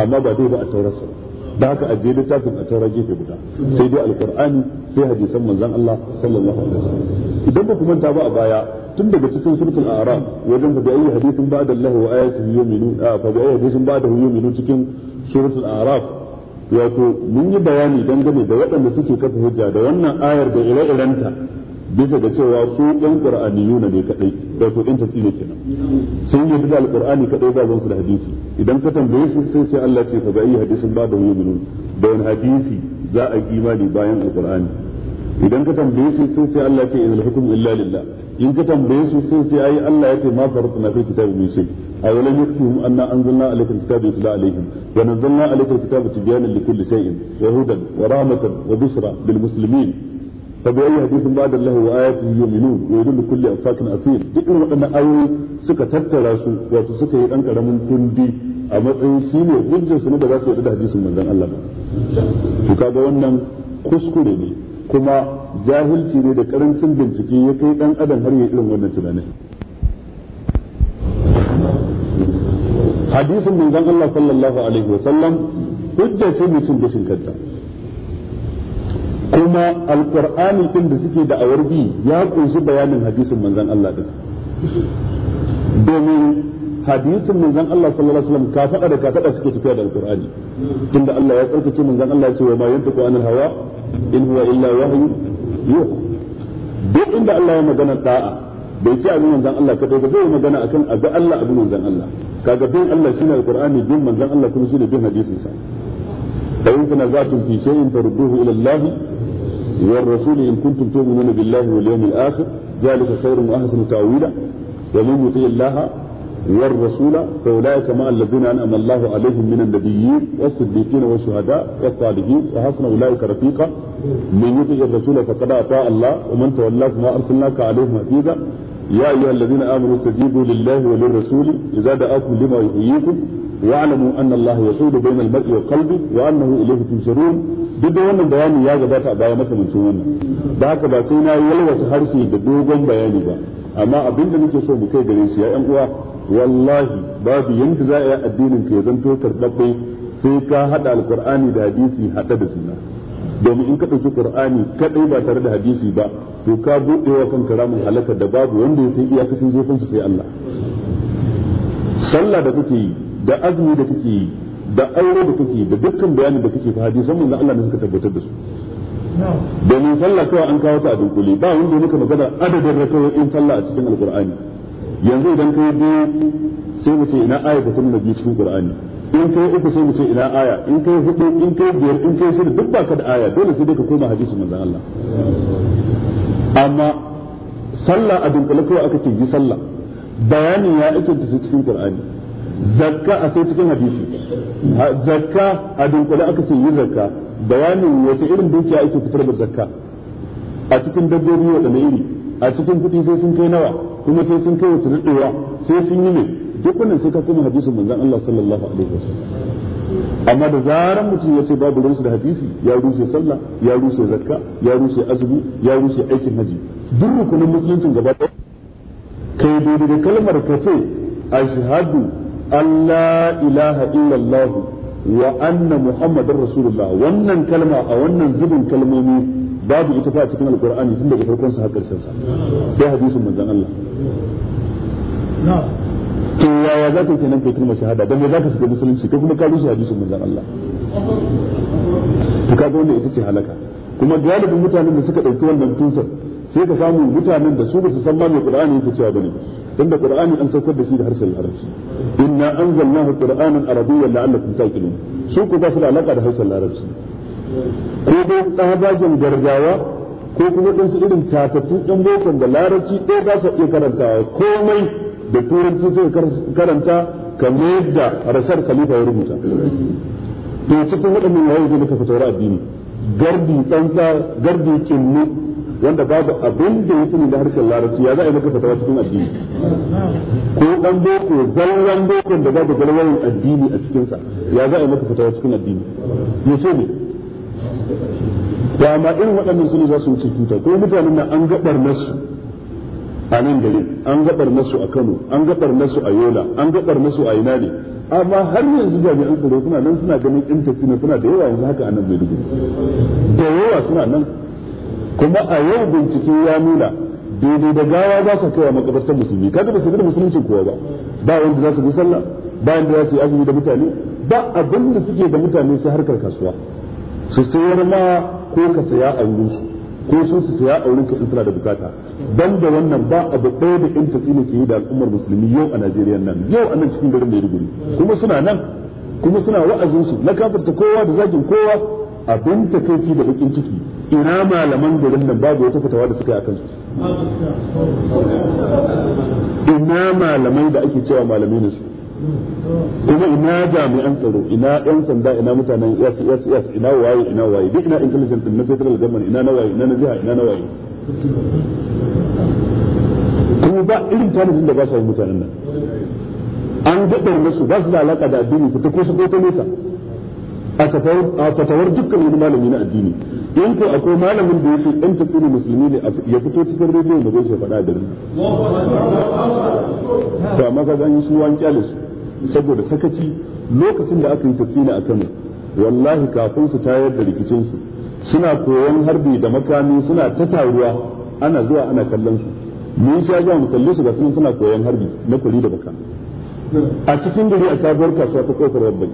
amma ba dai ba a taurasa da haka aje littafin a tara gefe guda sai dai alkur'ani sai hadisan manzon Allah sallallahu alaihi wasallam idan ba ku manta ba a baya tun daga cikin suratul a'raf wajen fa bi ayi hadithin ba'da Allah wa ayatihi yu'minu fa yu'minu cikin suratul a'raf wato mun yi bayani dangane da waɗanda suke kafa hujja da wannan ayar da ire-irenta bisa da cewa su ɗan qur'aniyuna ne kadai wato ɗin tasiri kenan sun yi da alqur'ani kadai ba zan su da hadisi idan ka tambaye su sai sai Allah ce fa ga yi hadisin ba da yu'minun da wani hadisi za a yi imani bayan alqur'ani idan ka tambaye su sai sai Allah ce inal hukmu illa lillah in ka tambaye su sai sai ai Allah ya ce ma faratna fi kitabi min shay aw lam yakfihum anna anzalna alayka alkitaba yutla alayhim wa nazzalna alayka alkitaba tibyanan likulli shay'in wa hudan wa rahmatan wa bushra lil muslimin bada فبأي حديث بعد الله وآياته يؤمنون ويدل كل أفاك أثير duk irin waɗannan ayoyi suka tattara su wato suka yi dan karamin kundi a matsayin shi ne hujjar su ne da za su yarda da hadisin manzon Allah ba to wannan kuskure kuma jahilci ne da karancin bincike ya kai ɗan har ya irin wannan tunanin hadisin manzon Allah sallallahu alaihi wa sallam hujja ce mutum gashin kanta kuma alqur'ani din da suke da awarbi ya kunshi bayanin hadisin manzon Allah din domin hadisin manzon Allah sallallahu alaihi wasallam ka fada da ka fada suke tafiya da alqur'ani tunda Allah ya tsarkake manzon Allah ya ce wa ma yantiqu anil hawa in huwa illa wahyu yuh duk inda Allah ya magana da'a bai ce abin manzon Allah kadai ba zai magana akan abin Allah abin manzon Allah kaga bin Allah shine alqur'ani bin manzon Allah kuma shine bin hadisin sa da yankin za su fi shay'in farduhu ila Allah والرسول إن كنتم تؤمنون بالله واليوم الآخر ذلك خير وأحسن تأويلا ومن يطيع الله والرسول فأولئك مع الذين أنعم الله عليهم من النبيين والصديقين والشهداء والصالحين وحسن أولئك رفيقا من يطيع الرسول فقد أطاع الله ومن تولى فما أرسلناك عليهم حفيظا يا أيها الذين آمنوا استجيبوا لله وللرسول إذا دعاكم لما يحييكم واعلموا أن الله يسود بين المرء والقلب وأنه إليه تنشرون duk da wannan bayani ya gabata a baya makamancin wannan da haka ba sai na yi yalwata harshe da dogon bayani ba amma abin da muke so mu kai gare shi ya yan uwa wallahi babu yanda za a yi addinin ka ya zanto karɓaɓɓe sai ka haɗa alkur'ani da hadisi haɗa da suna domin in ka ɗauki kur'ani kaɗai ba tare da hadisi ba to ka buɗe wa kanka ramin halaka da babu wanda ya san iyakacin zofinsa sai Allah sallah da kake yi da azumi da kake yi da aure da kake yi da dukkan bayanin da kake fa hadisan mun Allah ne suka tabbatar da su domin sallah kawai an kawo ta a dunkule ba wanda muka magana adadin rakawoyin sallah a cikin alkur'ani yanzu idan kai biyu sai mu ce ina aya ta tunna biyu cikin qur'ani in kai uku sai mu ce ina aya in kai hudu in kai biyar in kai shida duk ba ka da aya dole sai dai ka koma hadisin manzon Allah amma sallah a dunkule kawai aka ce yi sallah bayanin ya ake ta cikin qur'ani zakka a sai cikin hadisi zakka a dunkule aka ce yi zakka bayanin wata irin dukiya ake fitar da zakka a cikin dabbobi waɗanne iri a cikin kuɗi sai sun kai nawa kuma sai sun kai wata daɗewa sai sun yi ne duk wannan sai ka kuma hadisin manzon Allah sallallahu alaihi wasallam amma da zaran mutum ya ce babu ruwansa da hadisi ya rushe sallah ya rushe zakka ya rushe azumi ya rushe aikin haji duk rukunin musuluncin gaba ɗaya kai daidai da kalmar ka ce ashhadu an la ilaha illallah wa anna muhammadar rasulullah wannan kalma a wannan zubin kalmomi babu ita fa a cikin alqur'ani tun daga farkon sa har karshen sa sai hadisin manzon Allah to yaya za ka kenan kai kalmar shahada dan ba za ka shiga musulunci kai kuma ka rushe hadisin manzon Allah to kaga wanda ita ce halaka kuma galibin mutanen da suka dauki wannan tutar sai ka samu mutanen da su ba su san ma me Qur'ani yake cewa bane dan da Qur'ani an saukar da shi da harshen Larabci inna anzalnahu qur'anan arabiyyan la'allakum taqilun su ku ba su da alaka da harshen Larabci ko dai tsabajin gargawa ko kuma su irin tatattun ɗan bokon da larabci ɗaya ba su iya karantawa komai da turanci sai karanta kamar yadda rasar khalifa ya rubuta to cikin waɗannan waye zai maka fitowar addini gardi tsantsa gardi kinni wanda babu abin da ya sani da harshen larabci ya za a yi maka fitawa cikin addini ko dan boko zallan bokon da babu galwayin addini a cikinsa ya za a yi maka fitawa cikin addini ya so ne da ma irin waɗannan su za su wuce tuta ko mutanen nan an gaɓar nasu a nan gari an gabar masu a Kano an gabar masu a Yola an gabar masu a ina ne amma har yanzu jami'an tsaro suna nan suna ganin in tafi suna da yawa yanzu haka a nan Maiduguri da yawa suna nan kuma a yau bincike ya nuna daidai da gawa za su kai wa makabartar musulmi kaga ba su gina musulunci kuwa ba ba wanda za su bi sallah ba wanda za su yi azumi da mutane ba abin da suke da mutane su harkar kasuwa su sayar ma ko ka saya a wurinsu ko sun su saya a wurin in suna da bukata dan da wannan ba abu ɗaya da in tasiri ke yi da al'ummar musulmi yau a Najeriya nan yau a nan cikin garin Maiduguri kuma suna nan kuma suna wa'azinsu na kafarta kowa da zagin kowa abin takaici da bakin ciki ina malaman garin nan babu wata fitawa da suka yi akan su ina malamai da ake cewa malamai ne su kuma ina jami'an tsaro ina yan sanda ina mutanen yas ina waye ina waye duk ina intelligence din na federal government ina na waye ina na jiha ina na waye kuma ba irin tanadin da ba su yi mutanen nan an gaɗar masu ba su da alaƙa da addini ta ko su ko ta nesa a fatawar dukkan wani malami na addini in ko akwai malamin da yake ɗan tafiya musulmi ne ya fito cikin rediyo da zai faɗa da ni to amma ka gani su an kyale su saboda sakaci lokacin da aka yi tafila a Kano wallahi kafin su tayar da rikicin su suna koyon harbi da makami suna ta taruwa ana zuwa ana kallon su mun sha zuwa mu kalle su ga sunan suna koyon harbi na kuri da baka a cikin gari a sabuwar kasuwa ta kofar rabbai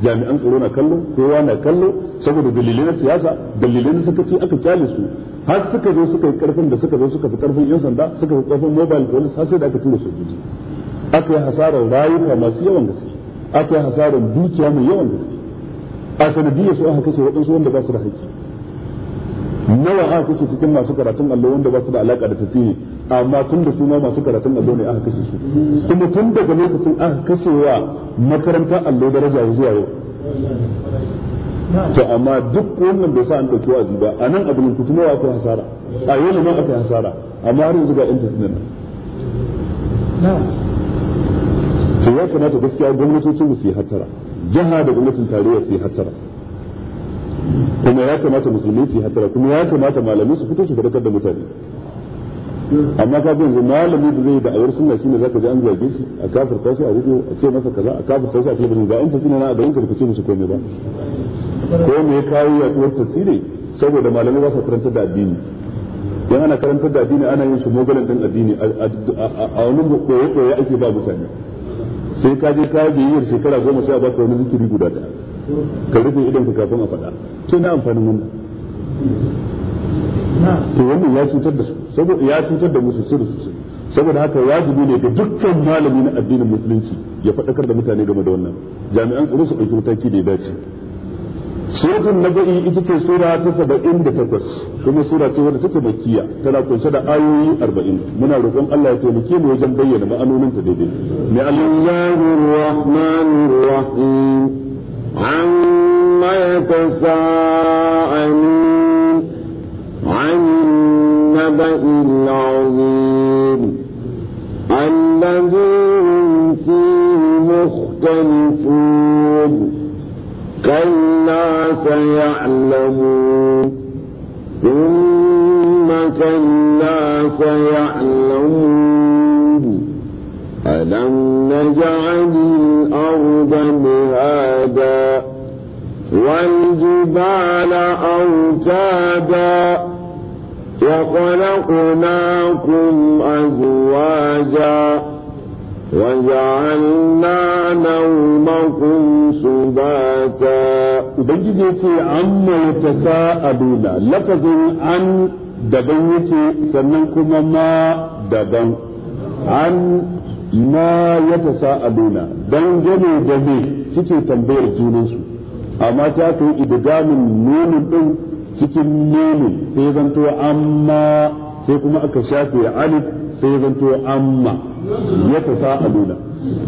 jami'an tsaro na kallo kowa na kallo saboda dalilai na siyasa dalilai na sakaci aka kyale su har suka zo suka yi karfin da suka zo suka fi karfin yan sanda suka fi karfin mobile police har sai da aka tura sojoji ake yi hasarar rayuka masu yawan gaske aka yi hasarar dukiya mai yawan gaske a sanadiyar su aka kashe waɗansu wanda ba su da haƙƙi nawa aka kashe cikin masu karatun allo wanda ba su da alaƙa da tafiye amma tun da suna masu karatun allo ne aka kashe su kuma tun daga lokacin aka kashe wa makarantar allo daraja zuwa yau to amma duk wannan bai sa an ɗauki wa ba a nan abin kutu nawa aka hasara a yau ma aka hasara amma har yanzu ga intanet. nan to ya kamata gaskiya gwamnatocin su yi hattara jiha da gwamnatin tarayya su yi hattara kuma ya kamata musulmi su yi hattara kuma ya kamata malamai su fito su fadakar da mutane amma ka yanzu malami da zai da'awar sunna shine zaka ji an zage shi a kafirta shi a rubu a ce masa kaza a kafirta shi a kalbin ba in tafi na a yanka ku ce musu komai ba ko me ya kawo yaduwar tasiri saboda malamai ba sa karantar da addini yan ana karantar da addini ana yin su mogalan din addini a wani koyo koyo ake ba mutane sai ka je ka biyayyar shekara goma sai a baka wani zikiri guda ɗaya ka rufe idan ka kafin a faɗa sai na amfanin wannan to wannan ya cutar da su saboda ya cutar da musu sirri sosai saboda haka wajibi ne ga dukkan malami na addinin musulunci ya faɗakar da mutane game da wannan jami'an tsaro su ɗauki mataki da ya dace suratul naba'i ita ce sura ta 78 kuma sura ce wadda take makiya tana kunshe da ayoyi 40 muna roƙon Allah ya taimake mu wajen bayyana ma'anonin daidai mai Allahur rahmanu rahim amma ya yatasaalun an naba'il azim alladhi fihi mukhtalifun كلا سيعلمون ثم كلا سيعلمون ألم نجعل الأرض مهادا والجبال أوتادا وخلقناكم أزواجا وجعلنا نومكم سباتا ubangiji ya ce an ta sa'aduna lafazin an daban yake sannan kuma ma daban an ma ya ta sa'aduna don gane da me suke tambayar junansu amma ta aka yi idgamin nunin din cikin nunin sai zanto amma sai kuma aka shafe alif sai zanto amma ya ta sa'aluna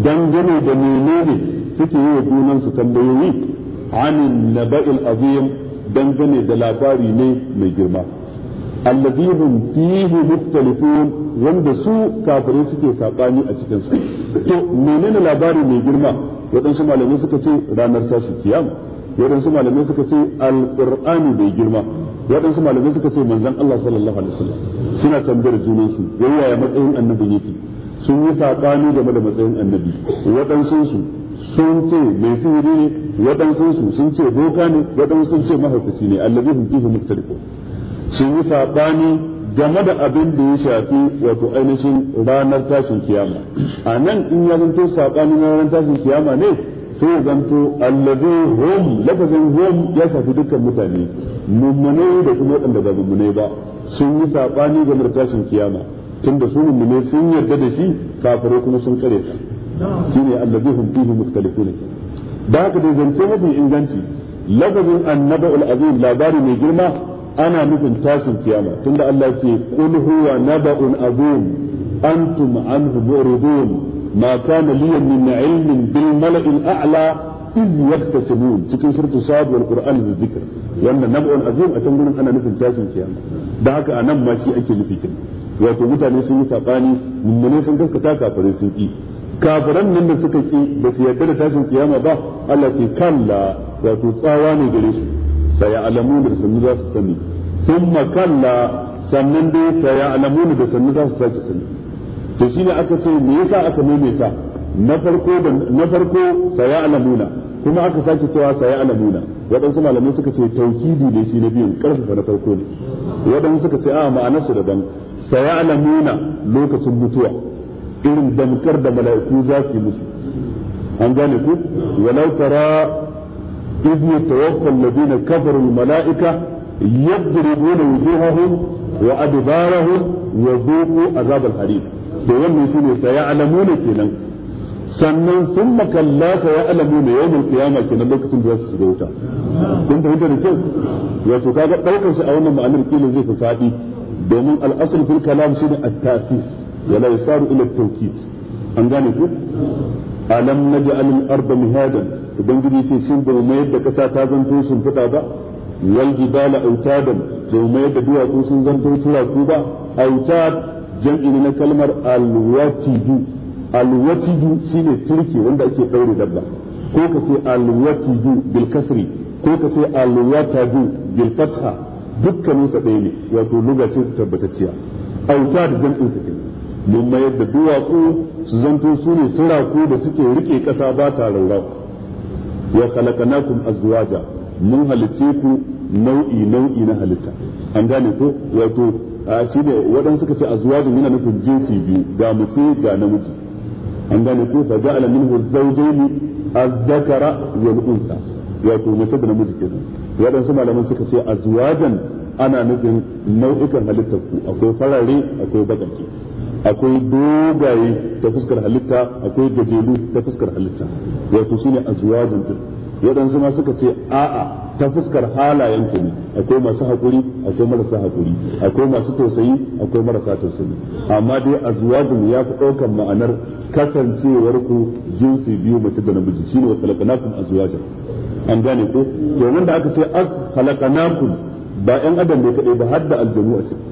dangane da menene suke yi wa junan su tambayoyi anin naba'il azim dangane da labari ne mai girma alladhihum fihi mukhtalifun wanda su kafirai suke sabani a cikin sa to menene labari mai girma waɗansu malamai suka ce ranar tashi kiyam waɗansu malamai suka ce alqur'ani mai girma waɗansu malamai suka ce manzon Allah sallallahu alaihi wasallam suna tambayar junansu yayya matsayin annabin yake sun yi saƙani game da matsayin annabi waɗansunsu sun ce mai sihiri ne waɗansunsu sun ce boka ne waɗansu sun ce mahaukaci ne allazi hum fihi muftariqun sun yi saƙani game da abin da ya shafi wato ainihin ranar tashin kiyama a nan in ya zanto saƙani na ranar tashin kiyama ne sai ya zanto allazi hum lafazin hum ya shafi dukkan mutane mummune da kuma waɗanda ba mummune ba sun yi saɓani game da tashin kiyama tunda su mummune sun yarda da shi kafirai kuma sun kare ta shine allazi hum fihi mukhtalifun da haka dai zance mafi inganci lafazin annaba'ul azim labari mai girma ana nufin tashin kiyama tunda Allah ke qul huwa naba'un azim antum anhu mu'ridun ma kana li min ilmin bil mala'il a'la iz yaktasibun cikin surtu sabu wal qur'an da zikr wannan naba'un azim a can gurin ana nufin tashin kiyama da haka anan ma shi ake nufi wato mutane sun yi sabani mummune sun gaskata kafirin sun ki kafiran nan da suka ki ba su yarda da tashin kiyama ba Allah ce kalla wato tsawa ne gare su alamu da sannu za su sani thumma kalla sannan dai alamu da sannu za su sake sani to shine aka ce me yasa aka ta na farko da na farko sayalamuna kuma aka sake cewa sayalamuna waɗansu malamai suka ce taukidi ne shi na biyun karfafa na farko ne waɗansu suka ce a ma'anarsu daban saya sayalamuna lokacin mutuwa irin damkar da mala'iku za su yi musu an gane ku walau tara idh mala'ika alladhina kafaru almala'ika yadribuna wujuhahum wa adbarahum wa dhuqu azab alhariq to wannan shine sayalamuna kenan sannan sun makalla sa ya alamu ne yau mai kiyama kenan lokacin da za su shiga wuta kun fahimta da kyau wato kaga daukar shi a wannan ma'anar kila zai fi fadi domin al'asar fil kalam shine a tasis wala yusaru ila at an gane ku alam naj'al al-arda mihadan ubangiji ce shin ba mai yadda kasa ta zanto sun fita ba wal jibala autadan ba mai yadda duwatsu sun zanto turaku ba autad jam'i na kalmar al-watidu al-watidu shine turki wanda ake ɗaure dabba ko ka ce al bil kasri ko ka ce al bil fatha dukkanin sa ɗaya ne wato lugacin tabbatacciya auta da jam'in sa kenan mun mayar da duwatsu su zanto su ne turaku da suke rike ƙasa ba ta raurau ya khalaqnakum azwaja mun halitte ku nau'i nau'i na halitta an gane ko wato a shi ne waɗansu suka ce azwajin yana nufin jinsi biyu ga mace ga namiji an gane ko fa ja'ala minhu zawjayni az-zakara wal unsa wato mace da namiji kenan waɗansu malaman suka ce a zuwajen ana nufin nau'ikan halittar ku akwai farare akwai baƙaƙe akwai dogaye ta fuskar halitta akwai gajelu ta fuskar halitta wato shine zuwajen din waɗansu ma suka ce a'a ta fuskar halayen ku ne akwai masu haƙuri akwai marasa haƙuri akwai masu tausayi akwai marasa tausayi amma dai zuwajen ya fi ɗaukar ma'anar kasancewar ku jinsi biyu mace da namiji shine wa a azwajan an gane ko domin da aka ce az khalaqnakum ba yan adam ne kadai ba har da aljanu a ciki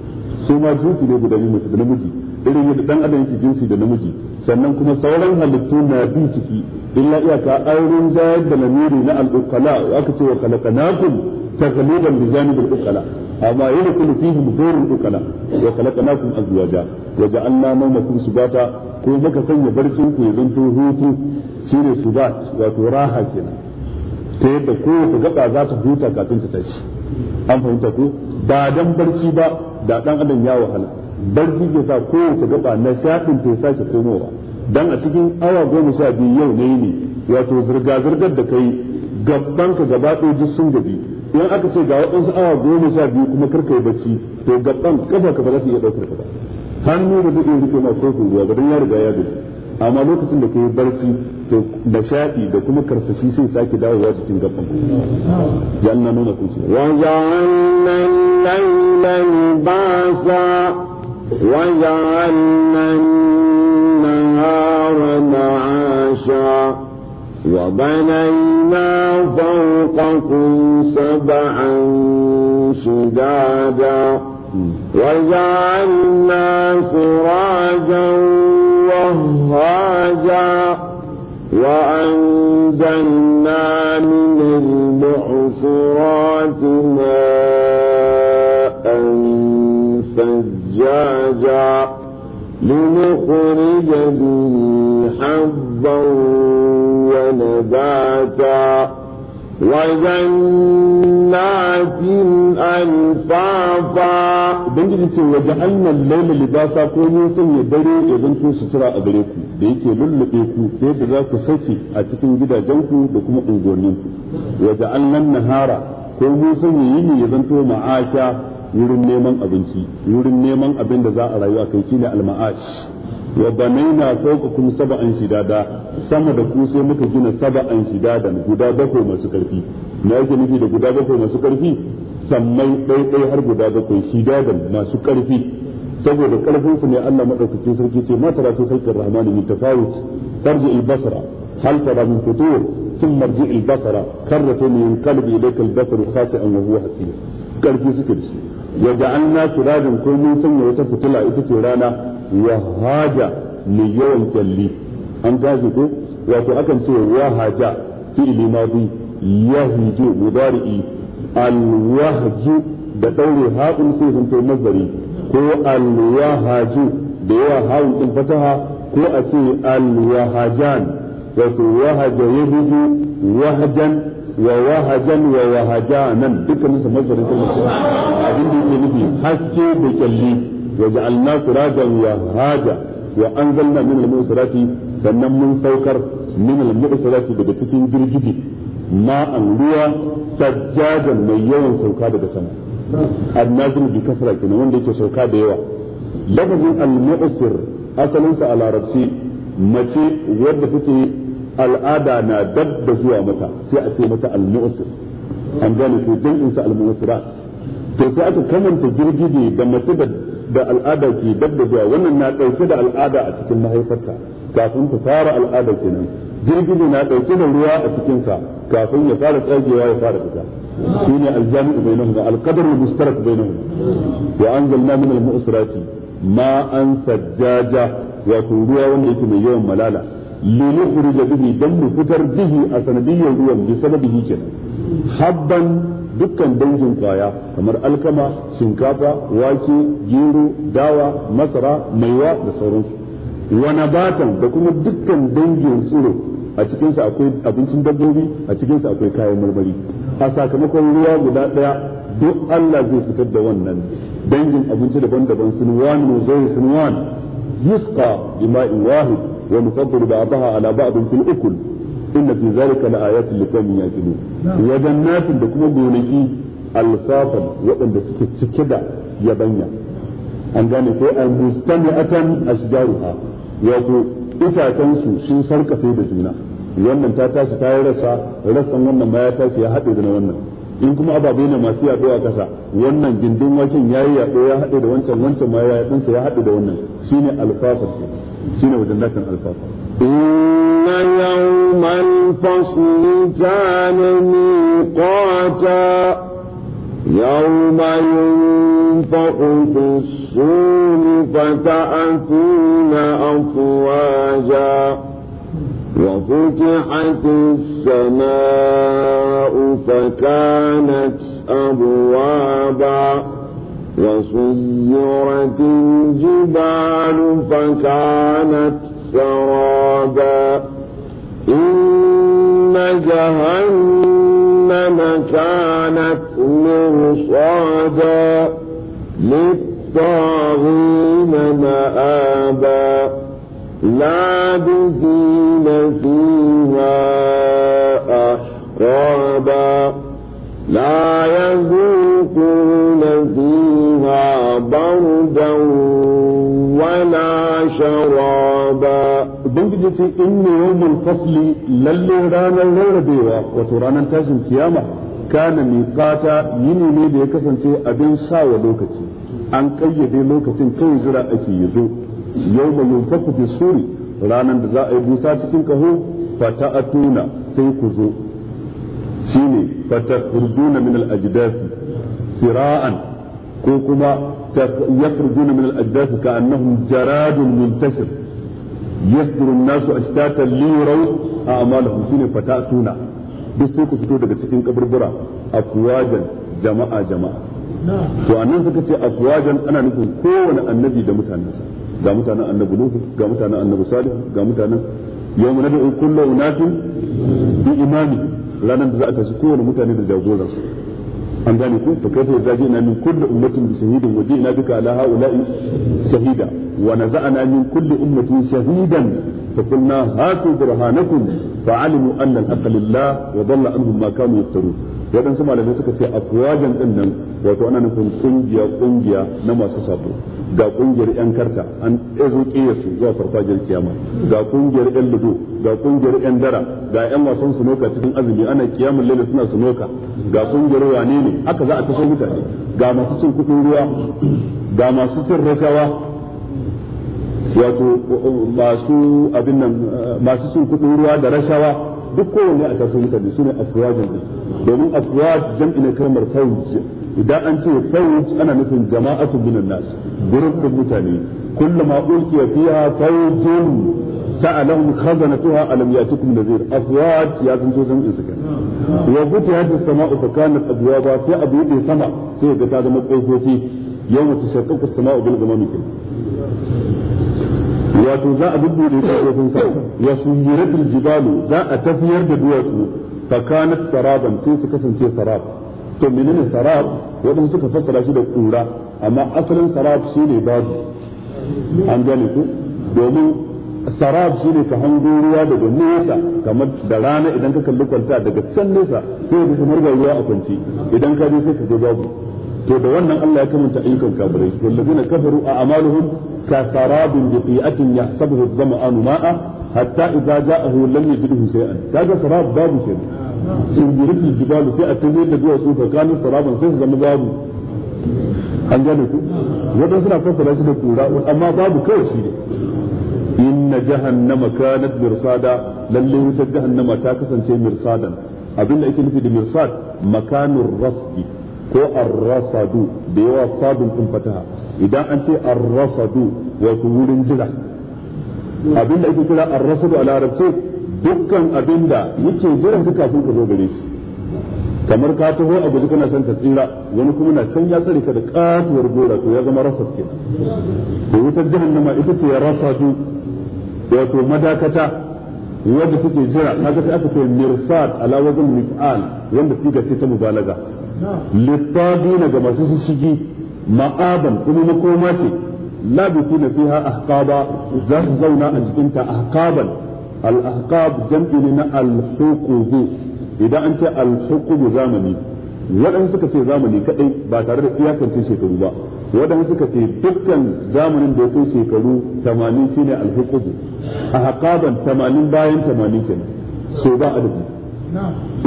su ma jinsi ne guda biyu masu da namiji irin yadda dan adam yake jinsi da namiji sannan kuma sauran halittu na bi ciki illa iyaka auren jayar da lamiri na al-uqala aka ce wa khalaqnakum taghliban bi janibil uqala أما يدخل فيهم غير الأكلاء وخلقناكم أزواجا وجعلنا نومكم سباتا كو مكا سنة برسنكم يزنتو هوتو سيري wato raha kenan. ta yadda kowace gaba za ta huta kafin ta tashi an fahimta ko ba dan barci ba da dan adam ya wahala barci ke sa kowace gaba na shafin ta sake komowa dan a cikin awa goma sha biyu yau ne ne wato zirga zirgar da kai gaban ka gaba ɗaya sun gaji idan aka ce ga waɗansu awa goma sha biyu kuma karka yi barci to gaban kafa ka ba su iya ɗaukar ka ba hannu ba zai iya rike ma kofin ruwa ba dan ya riga ya gaji amma lokacin da ka yi barci to nishadi da kuma karsashi sai sake dawowa cikin gaban janna nuna kun ce wa ja'alna layla libasa wa ja'alna an-nahara ma'asha wa banayna fawqakum sab'an shidada وجعلنا سراجا وهاجا وأنزلنا من المعصرات ماء فجاجا لنخرج به حبا ونباتا وجناتٍ أنفافا ubangiji ce waje hannun laila libasa ko mun sanya dare ya zanto sutura a gare ku da yake lullube ku ta da za ku saki a cikin gidajen ku da kuma unguwannin ku waje annan nahara ko mun sanya yini ya zanto ma'asha wurin neman abinci wurin neman abin da za a rayu a kai shine al-ma'ash wa banaina fawqakum sab'an shidada sama da ku sai muka gina sab'an shidadan guda bakwai masu karfi na yake nufi da guda bakwai masu karfi sammai ɗaiɗai har guda bakwai shidadan masu karfi saboda karfin ne Allah madaukakin sarki ce ma tara tu khalqir rahmani min tafawut tarji al-basara hal tara min futur ثم ارجع البصر كرة ينقلب إليك البصر خاسئا وهو حسير قال في وجعلنا سراجا كل من سنة وتفتلع إتتي رانا wahaja mai yawan kyalli an gashi ko wato akan ce wahaja fi'ili madi yahiju mudari'i alwahju da daure haɗin sai sun mazari ko alwahaju da yawa hawun din fataha ko a ce alwahajan wato wahaja yahiju wahajan wa wahajan wa wahajanan dukkanin su ta kalmar abin da yake nufi haske da kyalli وجعلنا سراجا وهاجا وأنزلنا من المؤسرات sannan mun saukar min al-mu'sirati daga cikin girgiji ma'an ruwa sajjadan mai yawan sauka daga sama annazil bi kasra kenan wanda yake sauka da yawa lafazin al-mu'sir asalinsa a mace wadda take al'ada na dab da zuwa mata sai a mata an ko sai aka kamanta girgije da mace da da al'ada ke dab da wannan na ɗauke da al'ada a cikin mahaifarta kafin ta fara al'ada kenan jirgin na ɗauke da ruwa a cikinsa kafin ya fara tsagewa ya fara fita ne aljami'u bainahuma alqadaru mustarak bainahuma wa anzalna min al-mu'sirati ma'an sajjaja wato ruwa wanda yake mai yawan malala linukhrij bihi dan mu fitar bihi a sanadiyyar ruwan bi sababihi kenan habban dukkan dangin kwaya kamar alkama shinkafa wake gero dawa masara maiwa da sauransu Wani batan da kuma dukkan dangin tsiro a cikinsa akwai abincin dabbobi a cikinsa akwai kayan marmari a sakamakon ruwa guda daya duk Allah zai fitar da wannan dangin abinci daban-daban sun wani zai sun wani. yusqa bima'in wahid wa nuqaddiru ba'daha ala ba'd fil ukul inna fi zalika la ayatin liqaumin yaqilun wa jannatin da kuma gonaki alfafan waɗanda suke cike da yabanya an gane ko an mustami'atan ashjaruha wato itacensu sun sarkafe da juna wannan ta tashi ta yi rasa rassan wannan ma ya tashi ya haɗe da na wannan in kuma ababe ne masu yaɗo a ƙasa wannan gindin waken ya yi yaɗo ya haɗe da wancan wancan ma ya yaɗinsa ya haɗe da wannan shine alfafa shine wajen latin alfafan. إن يوم الفصل كان ميقاتا يوم ينفق في السور فتأتون أفواجا وفتحت السماء فكانت أبوابا وسيرت الجبال فكانت سرابا إن جهنم كانت مرصادا للطاغين مآبا لابثين فيها أحرابا لا يذوقون فيها بردا ولا شرابا ubangiji inna yawmul fasli lalle ranar rarrabewa wato ranar tashin kiyama kana fata yini ne da ya kasance abin sawa lokaci an kayyade lokacin kai jira ake yazo yawma yunfaku fi suri ranar da za a yi busa cikin kaho fata'atuna sai ku zo shine fatakhrujuna min al-ajdath ko kuma yakhrujuna min al yin ka'annahum jaradun muntashir yasdur nasu ashtatan li yuraw a'malahum fata fatatuna duk sai ku fito daga cikin kaburbura afwajan jama'a jama'a to annan suka ce afwajan ana nufin kowane annabi da mutanensa ga mutanen annabi nuhu ga mutanen annabi salih ga mutanen yawma nad'u kullu unatin bi imami ranar da za a tashi kowane mutane da jagoransu an gane ku fa kaifa yazajina min kulli ummatin bi shahidin waje ina duka ala haula'i shahida wa naza'na min kulli ummatin shahidan fa qulna hatu burhanakum fa alimu anna al-haqqa lillah wa dalla anhum ma kanu yaftarun wadansu malamai suka ce afwajan din nan wato ana nufin kungiya kungiya na masu sabo ga kungiyar yan karta an ezo su zuwa farfajiyar kiyama ga kungiyar yan ludo ga kungiyar yan dara ga yan wasan sunoka cikin azumi ana kiyamun lele suna sunoka ga kungiyar wane ne haka za a taso mutane ga masu cin kudin ruwa ga masu cin rashawa wato masu abin nan masu cin kudin ruwa da rashawa duk kowanne a taso mutane ne afwajin domin afwaj jam'i na kalmar fawj idan an ce fawj ana nufin jama'atu minan nas gurin da mutane kullama ulqiya fiha fawjun sa'alahum khazanatuha alam yatukum nadhir afwaj ya san to sun isa wa futihat as-sama'u fa kanat abwaba sai abu yake sama sai ga ta zama kofofi yawma tashaqqaqu as-sama'u bil ghamami wato za a bubbude kofofin sa ya suyiratul jibalu za a tafiyar da duwatsu fa kanat saraban sai su kasance sarab to menene sarab wadanda suka fassara shi da kura amma asalin sarab shine babu an gane ku domin sarab ne ka hango ruwa daga nesa kamar da rana idan ka kalli kwanta daga can nesa sai ka kamar ga ruwa a kwanci idan ka je sai ka ga babu to da wannan Allah ya kamanta ayyukan kafirai wallazina kafaru a amaluhum ka sarabin bi qiyatin yahsabuhu dhama'anu ma'a hatta idza ja'ahu lam yajidhu shay'an kaga sarab babu kenan ingirikin jibalu sai a tabbiyar da duwatsu tsakanin saraban sai su zama babu an gane ku wadda suna fassara shi da kura amma babu kawai shi ne inna jahannama kanat mirsada lalle wutar jahannama ta kasance mirsadan abin da ake nufi da mirsad makanin rasdi ko ar-rasadu da yawa sadun din fataha idan an ce ar-rasadu wato wurin jira abin da ake kira ar-rasadu a larabci dukkan abin da yake jiran ka kafin ka zo gare shi kamar ka taho a guji kana son ka tsira wani kuma na can ya tsare ka da katuwar gora to ya zama rasaf kenan to wutar jahannama ita ce ya rasatu wato madakata wadda take jira kaga sai aka ce mirsad ala wazn mif'al wanda siga ce ta mubalaga littagina ga masu shigi ma'aban kuma makoma ce labisu na fiha ahqaba za su zauna a cikin ta ahqaban al-ahqab jam'i na al-huqubu idan an ce al-huqubu zamani waɗansu suka ce zamani kadai ba tare da iyakance shekaru ba waɗansu suka ce dukkan zamanin da ya kai shekaru 80 shine al-huqubu ahqaban 80 bayan 80 kenan so ba a adadi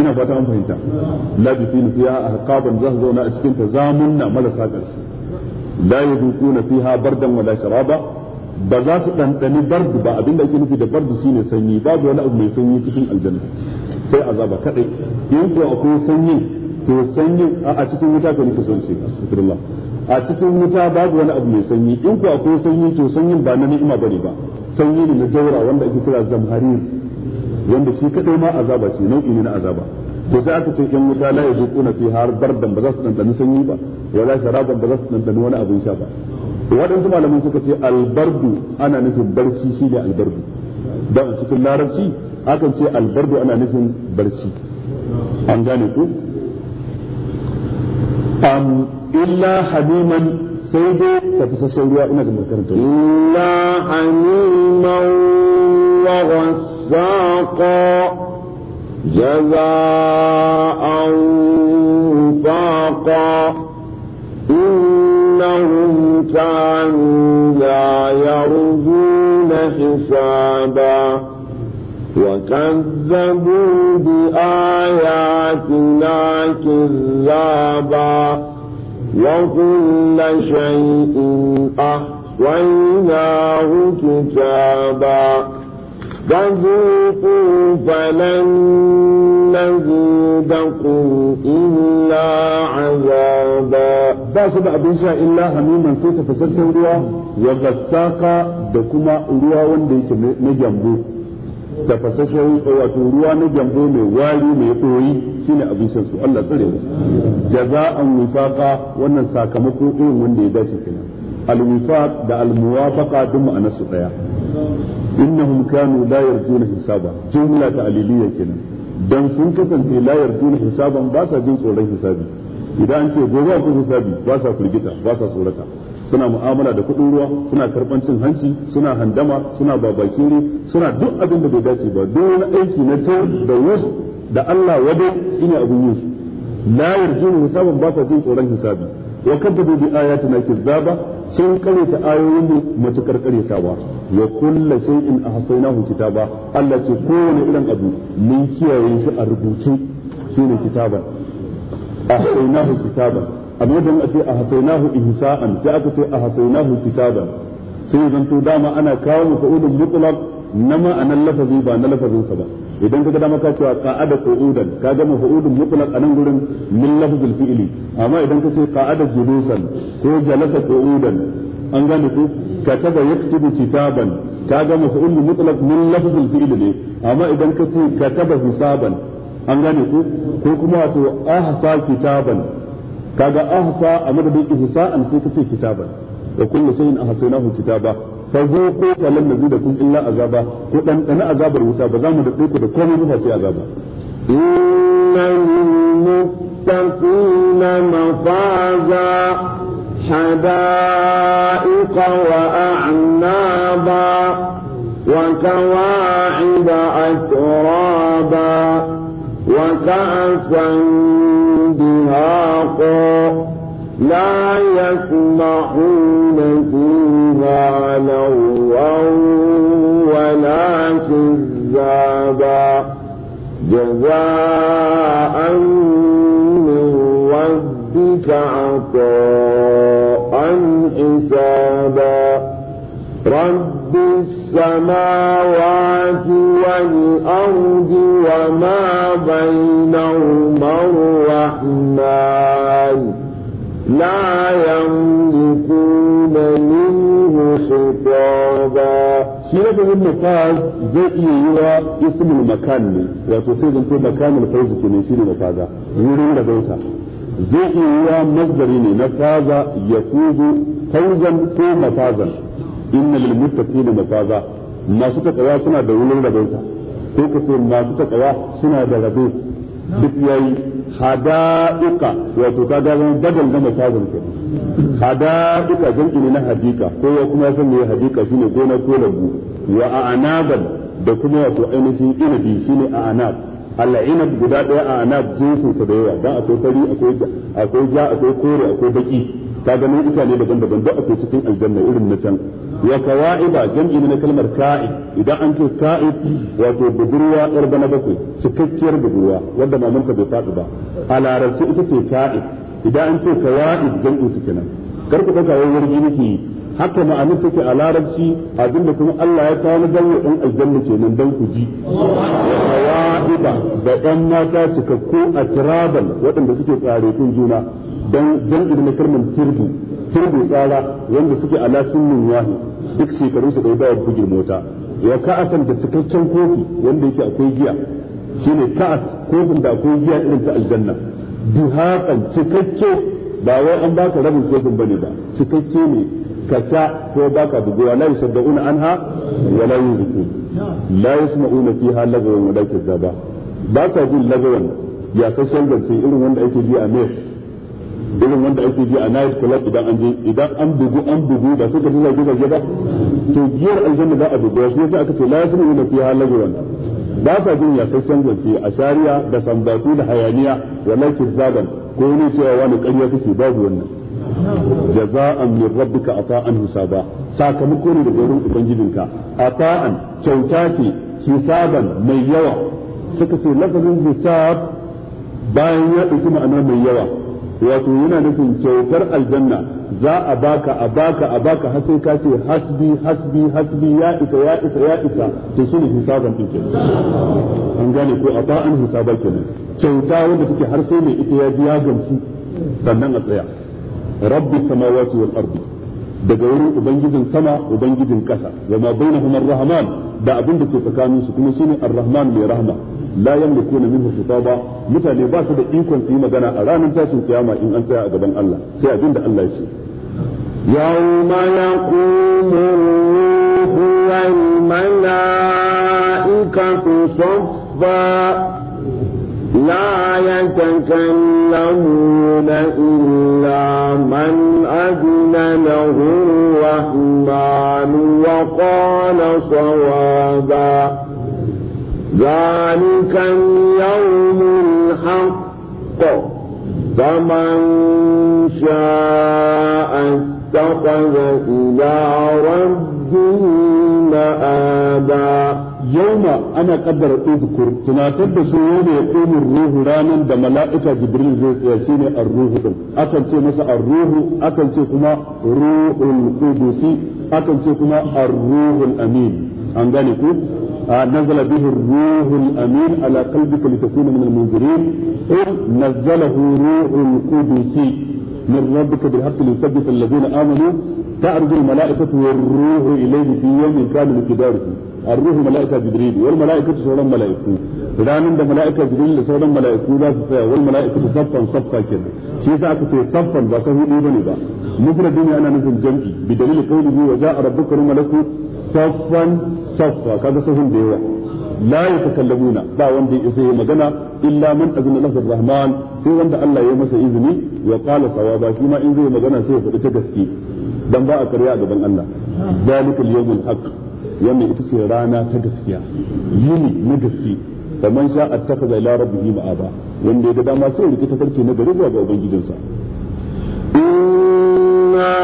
ina fata an fahimta fi labithina fiha ahqaban za su zauna a cikin ta zamunna marasa ƙarshe la fi ha bardan wala sharaba ba za su ɗanɗani bardu ba abinda ake nufi da bardu shi ne sanyi babu wani abu mai sanyi cikin aljanna sai azaba kaɗai in kuwa akwai sanyi to sanyi a cikin wuta ka nufi son ce astagfirullah a cikin wuta babu wani abu mai sanyi in kuwa akwai sanyi to sanyin ba na ni'ima bane ba sanyi ne na jaura wanda ake kira zamharir wanda shi kadai ma azaba ce nau'i ne na azaba to sai aka ce in wuta la yazuquna fiha bardan ba za su ɗanɗani sanyi ba wala sharaban ba za su ɗanɗani wani abin sha ba waɗansu malaman suka ce albardu ana nufin barci shi ne albardu don cikin larabci akan ce albardu ana nufin barci an gane ku am illa hamiman sai dai fi sassan ruwa ina da makaranta illa hamiman wa wasaqa جزاء faqa إن إنهم كانوا لا يرجون حسابا وكذبوا بآياتنا كذابا وكل شيء أحصيناه كتابا فذوقوا فلن نزيدكم إلا عذابا بس أبن شاء إلا هميما سيتا فسرسا روا وغساقا دكما روا وانديك نجنبو da fasashen wato ruwa na jambo mai wari mai ɗoyi shine abincin su Allah tsare musu jaza'an wifaqa wannan sakamako irin wanda ya dace kenan al-wifaq da al-muwafaqa duk ma'anar su daya innahum kanu la yarjuna hisaba jumla ta'liliya kenan dan sun kasance la yarjuna hisaban ba sa jin tsoron hisabi idan an ce gobe akwai hisabi ba sa firgita ba sa tsorata suna mu'amala da kuɗin ruwa suna karɓan cin hanci suna handama suna babakire suna duk abin da bai dace ba duk wani aiki na ta da wasu da Allah wado shine abin yin su la yarjuna hisaban ba sa jin tsoron hisabi wa kadzabu bi ayatina kizzaba sun karyata ayoyin mu matukar karyatawa ya kulla wa kullu shay'in ahsaynahu kitaba Allah ce kowane irin abu mun kiyaye shi a rubuce shine kitaban ahsaynahu kitaban amma dan a ce a ahsaynahu ihsa'an sai aka ce a ahsaynahu kitaban sai zanto dama ana kawo ka mafa'ulun mutlaq na ma'anar lafazi ba na lafazin sa ba idan kaga dama ka cewa qa'ada qu'udan ka ga maf'ulun mutlaq anan gurin min lafzul fi'li amma idan ka ce qa'ada julusan ko jalasa qu'udan an gane ko kataba yaktubu kitaban ka ga maf'ulun mutlaq min lafzul fi'li ne amma idan ka ce kataba hisaban an gane ko ko kuma wato ahsa kitaban kaga ahsa a madadin an sai ka ce kitaban wa kullu shay'in ahsaynahu kitaba فذوقوا فلن نزيدكم إلا عذابا وأن أنا عذاب الوتا بزام دقيق دقوم بها سي عذابا إن للمتقين مفازا حدائق وأعنابا وكواعب أترابا وكأسا دهاقا لا يسمعون فيها لغوا ولا كذابا جزاء من ربك عطاء حسابا رب السماوات والأرض وما بينهما الرحمن لا يملكون منه خطابا سيرة ابن مفاز زي يرى اسم المكان وتصير في مكان الفوز في نسير مفازا يرين لبيتا zai iya yiwa mazari ne na faza ya kuzo fauzan ko mafazan inna lil muttaqina mafaza masu takawa suna da wurin rabauta ko kace masu takawa suna da rabo duk yayi hada'uka wato ka ga zan gadon da ta ke hada'uka jam'i ne na hadika kowa kuma ya san me hadika shine gona ko lambu wa a'naban da kuma wato ainihin inabi shine a'nab al'inab guda daya a'nab jinsin sa da yawa dan akwai fari akwai akwai ja akwai kore akwai baki ka ga ita ne daban-daban da akwai cikin aljanna irin na can wa kawa'iba jam'i na kalmar ka'i idan an ce ka'i wato budurwa yar bana bakwai cikakkiyar budurwa wadda mamanta bai faɗi ba a larabci ita ce ka'i idan an ce kawa'id jam'i su kenan kar ku ɗauka wai wargi yi haka ma'anar take a larabci abinda kuma Allah ya kawo dan ɗan aljanna kenan dan ku ji kawa'iba da ɗan mata cikakku a tirabal waɗanda suke tsare kun juna dan jam'i na kalmar tirbi tirbi tsara wanda suke ala sunnin wahid duk shekaru su da ba wani fugir mota ya ka'asan da cikakken kofi wanda yake akwai giya shine ka'as kofin da akwai giya irin ta aljanna duhaqan cikakke ba wai an baka rabin kofin bane ba cikakke ne ka sha ko baka buguwa la yusaddauna anha wa la yuzqun la yasma'una fiha lagawan wa la kazzaba ba ka jin lagawan ya sassan gance irin wanda ake ji a mes irin wanda ake ji a night club idan an je idan an bugu an ba sai ka ji ba to giyar aljanna za a bugu shi yasa aka ce la yasmu na fiha lagwan ba sa jin ya sai san zance a shari'a da sambatu da hayaniya walakin zaban ko ne cewa wani ƙarya take babu wannan jaza'an min rabbika ata'an hisaba sakamako ne daga wurin ubangijinka ata'an kyauta ce hisaban mai yawa suka ce lafazin hisab bayan ya ɗauki ma'ana mai yawa wato yana nufin kyautar aljanna za a baka a baka a baka har sai ka ce hasbi hasbi hasbi ya isa ya isa ya isa to shine hisaban din kenan an gane ko a ba'an hisaba kenan kyauta wanda take har sai mai ita ya ji ya gamsu sannan a tsaya rabbi samawati wal ardi daga wurin ubangijin sama ubangijin ƙasa wa ma bainahum ar-rahman da abin da ke tsakanin su kuma shine ar-rahman mai rahma la yamlikuna minhu khitaba mutane ba su da ikon su yi magana a ranar tashin kiyama in an tsaya a gaban Allah sai abin da Allah ya ce yawma yaqumu ruhu wal malaikatu saffa لا يتكلمون إلا من سبحانه الرحمن وقال صوابا ذلك اليوم الحق فمن شاء اتخذ إلى ربه مآبا يوم أنا قدر أذكر تناتد سيوم يقوم الروح رانا دا ملائكة جبريل زي سياسيني الروح دم أكن تي الروح أكن تي كما روح القدس أكن تي كما الروح الأمين عندني كو آه، نزل به الروح الأمين على قلبك لتكون من المنذرين ثم نزله روح القدس من ربك بالحق ليثبت الذين آمنوا تعرض الملائكة والروح إليه في يوم كان مقداره arruhu mala'ika jibril wal mala'ikatu sauran mala'iku ranan da mala'ika jibril da sauran mala'iku za su tsaya wal mala'ikatu saffan saffa kenan shi yasa aka ce saffan ba sahu ne bane ba mufradin ne ana nufin jam'i bi dalil qawlihi wa ja'a rabbuka wal malaku saffan saffa kaga sahun da yawa la yatakallamuna ba wanda ya isa magana illa man azna lahu rahman sai wanda Allah ya masa izini ya qala sawaba shi ma in zai yi magana sai ya faɗi ta gaske dan ba a karya a gaban Allah zalikal yawmul haqq wannan ita ce rana ta gaskiya yini na gaske kamar sha attakhadha ila hima Aba wanda ya ga dama sai rike ta farke na gari zuwa ga ubangijinsa inna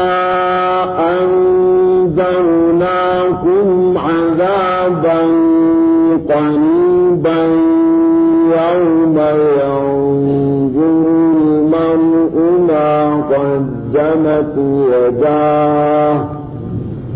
anzalnakum azaban qaniban yawma yanzuru man una qaddamat yadahu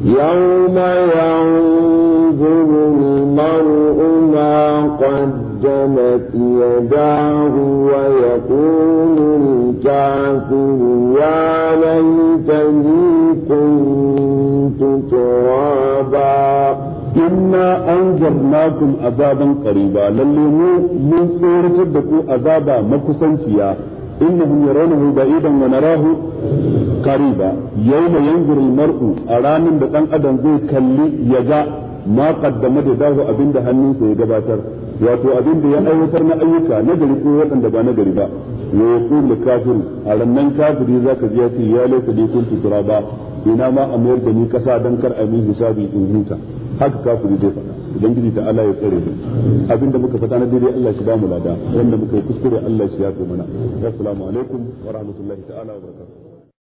يوم ينظر المرء ما قدمت يداه ويقول الكافر يا ليتني كنت ترابا إنا أنذرناكم عذابا قريبا للي من صورة دكو عذابا مكسنتيا إنهم يرونه بعيدا ونراه قريبا يوم ينظر المرء أران بطن أدم زي كاللي يجا ما قدم يداه أبن دهنين سيجباتر wato abin da ya aiwatar na ayyuka na gari ko waɗanda ba na gari ba ya da li kafir a rannan kafiri zaka ji ya ce ya laita li kuntu turaba ina ma amir da ni kasa dan kar a in huta haka kafiri zai faɗa ubangiji ta Allah ya tsare mu abinda muka faɗa na daidai Allah shi damu mu lada wanda muka yi kuskure Allah shi ya mana assalamu alaikum wa rahmatullahi ta'ala wa barakatuh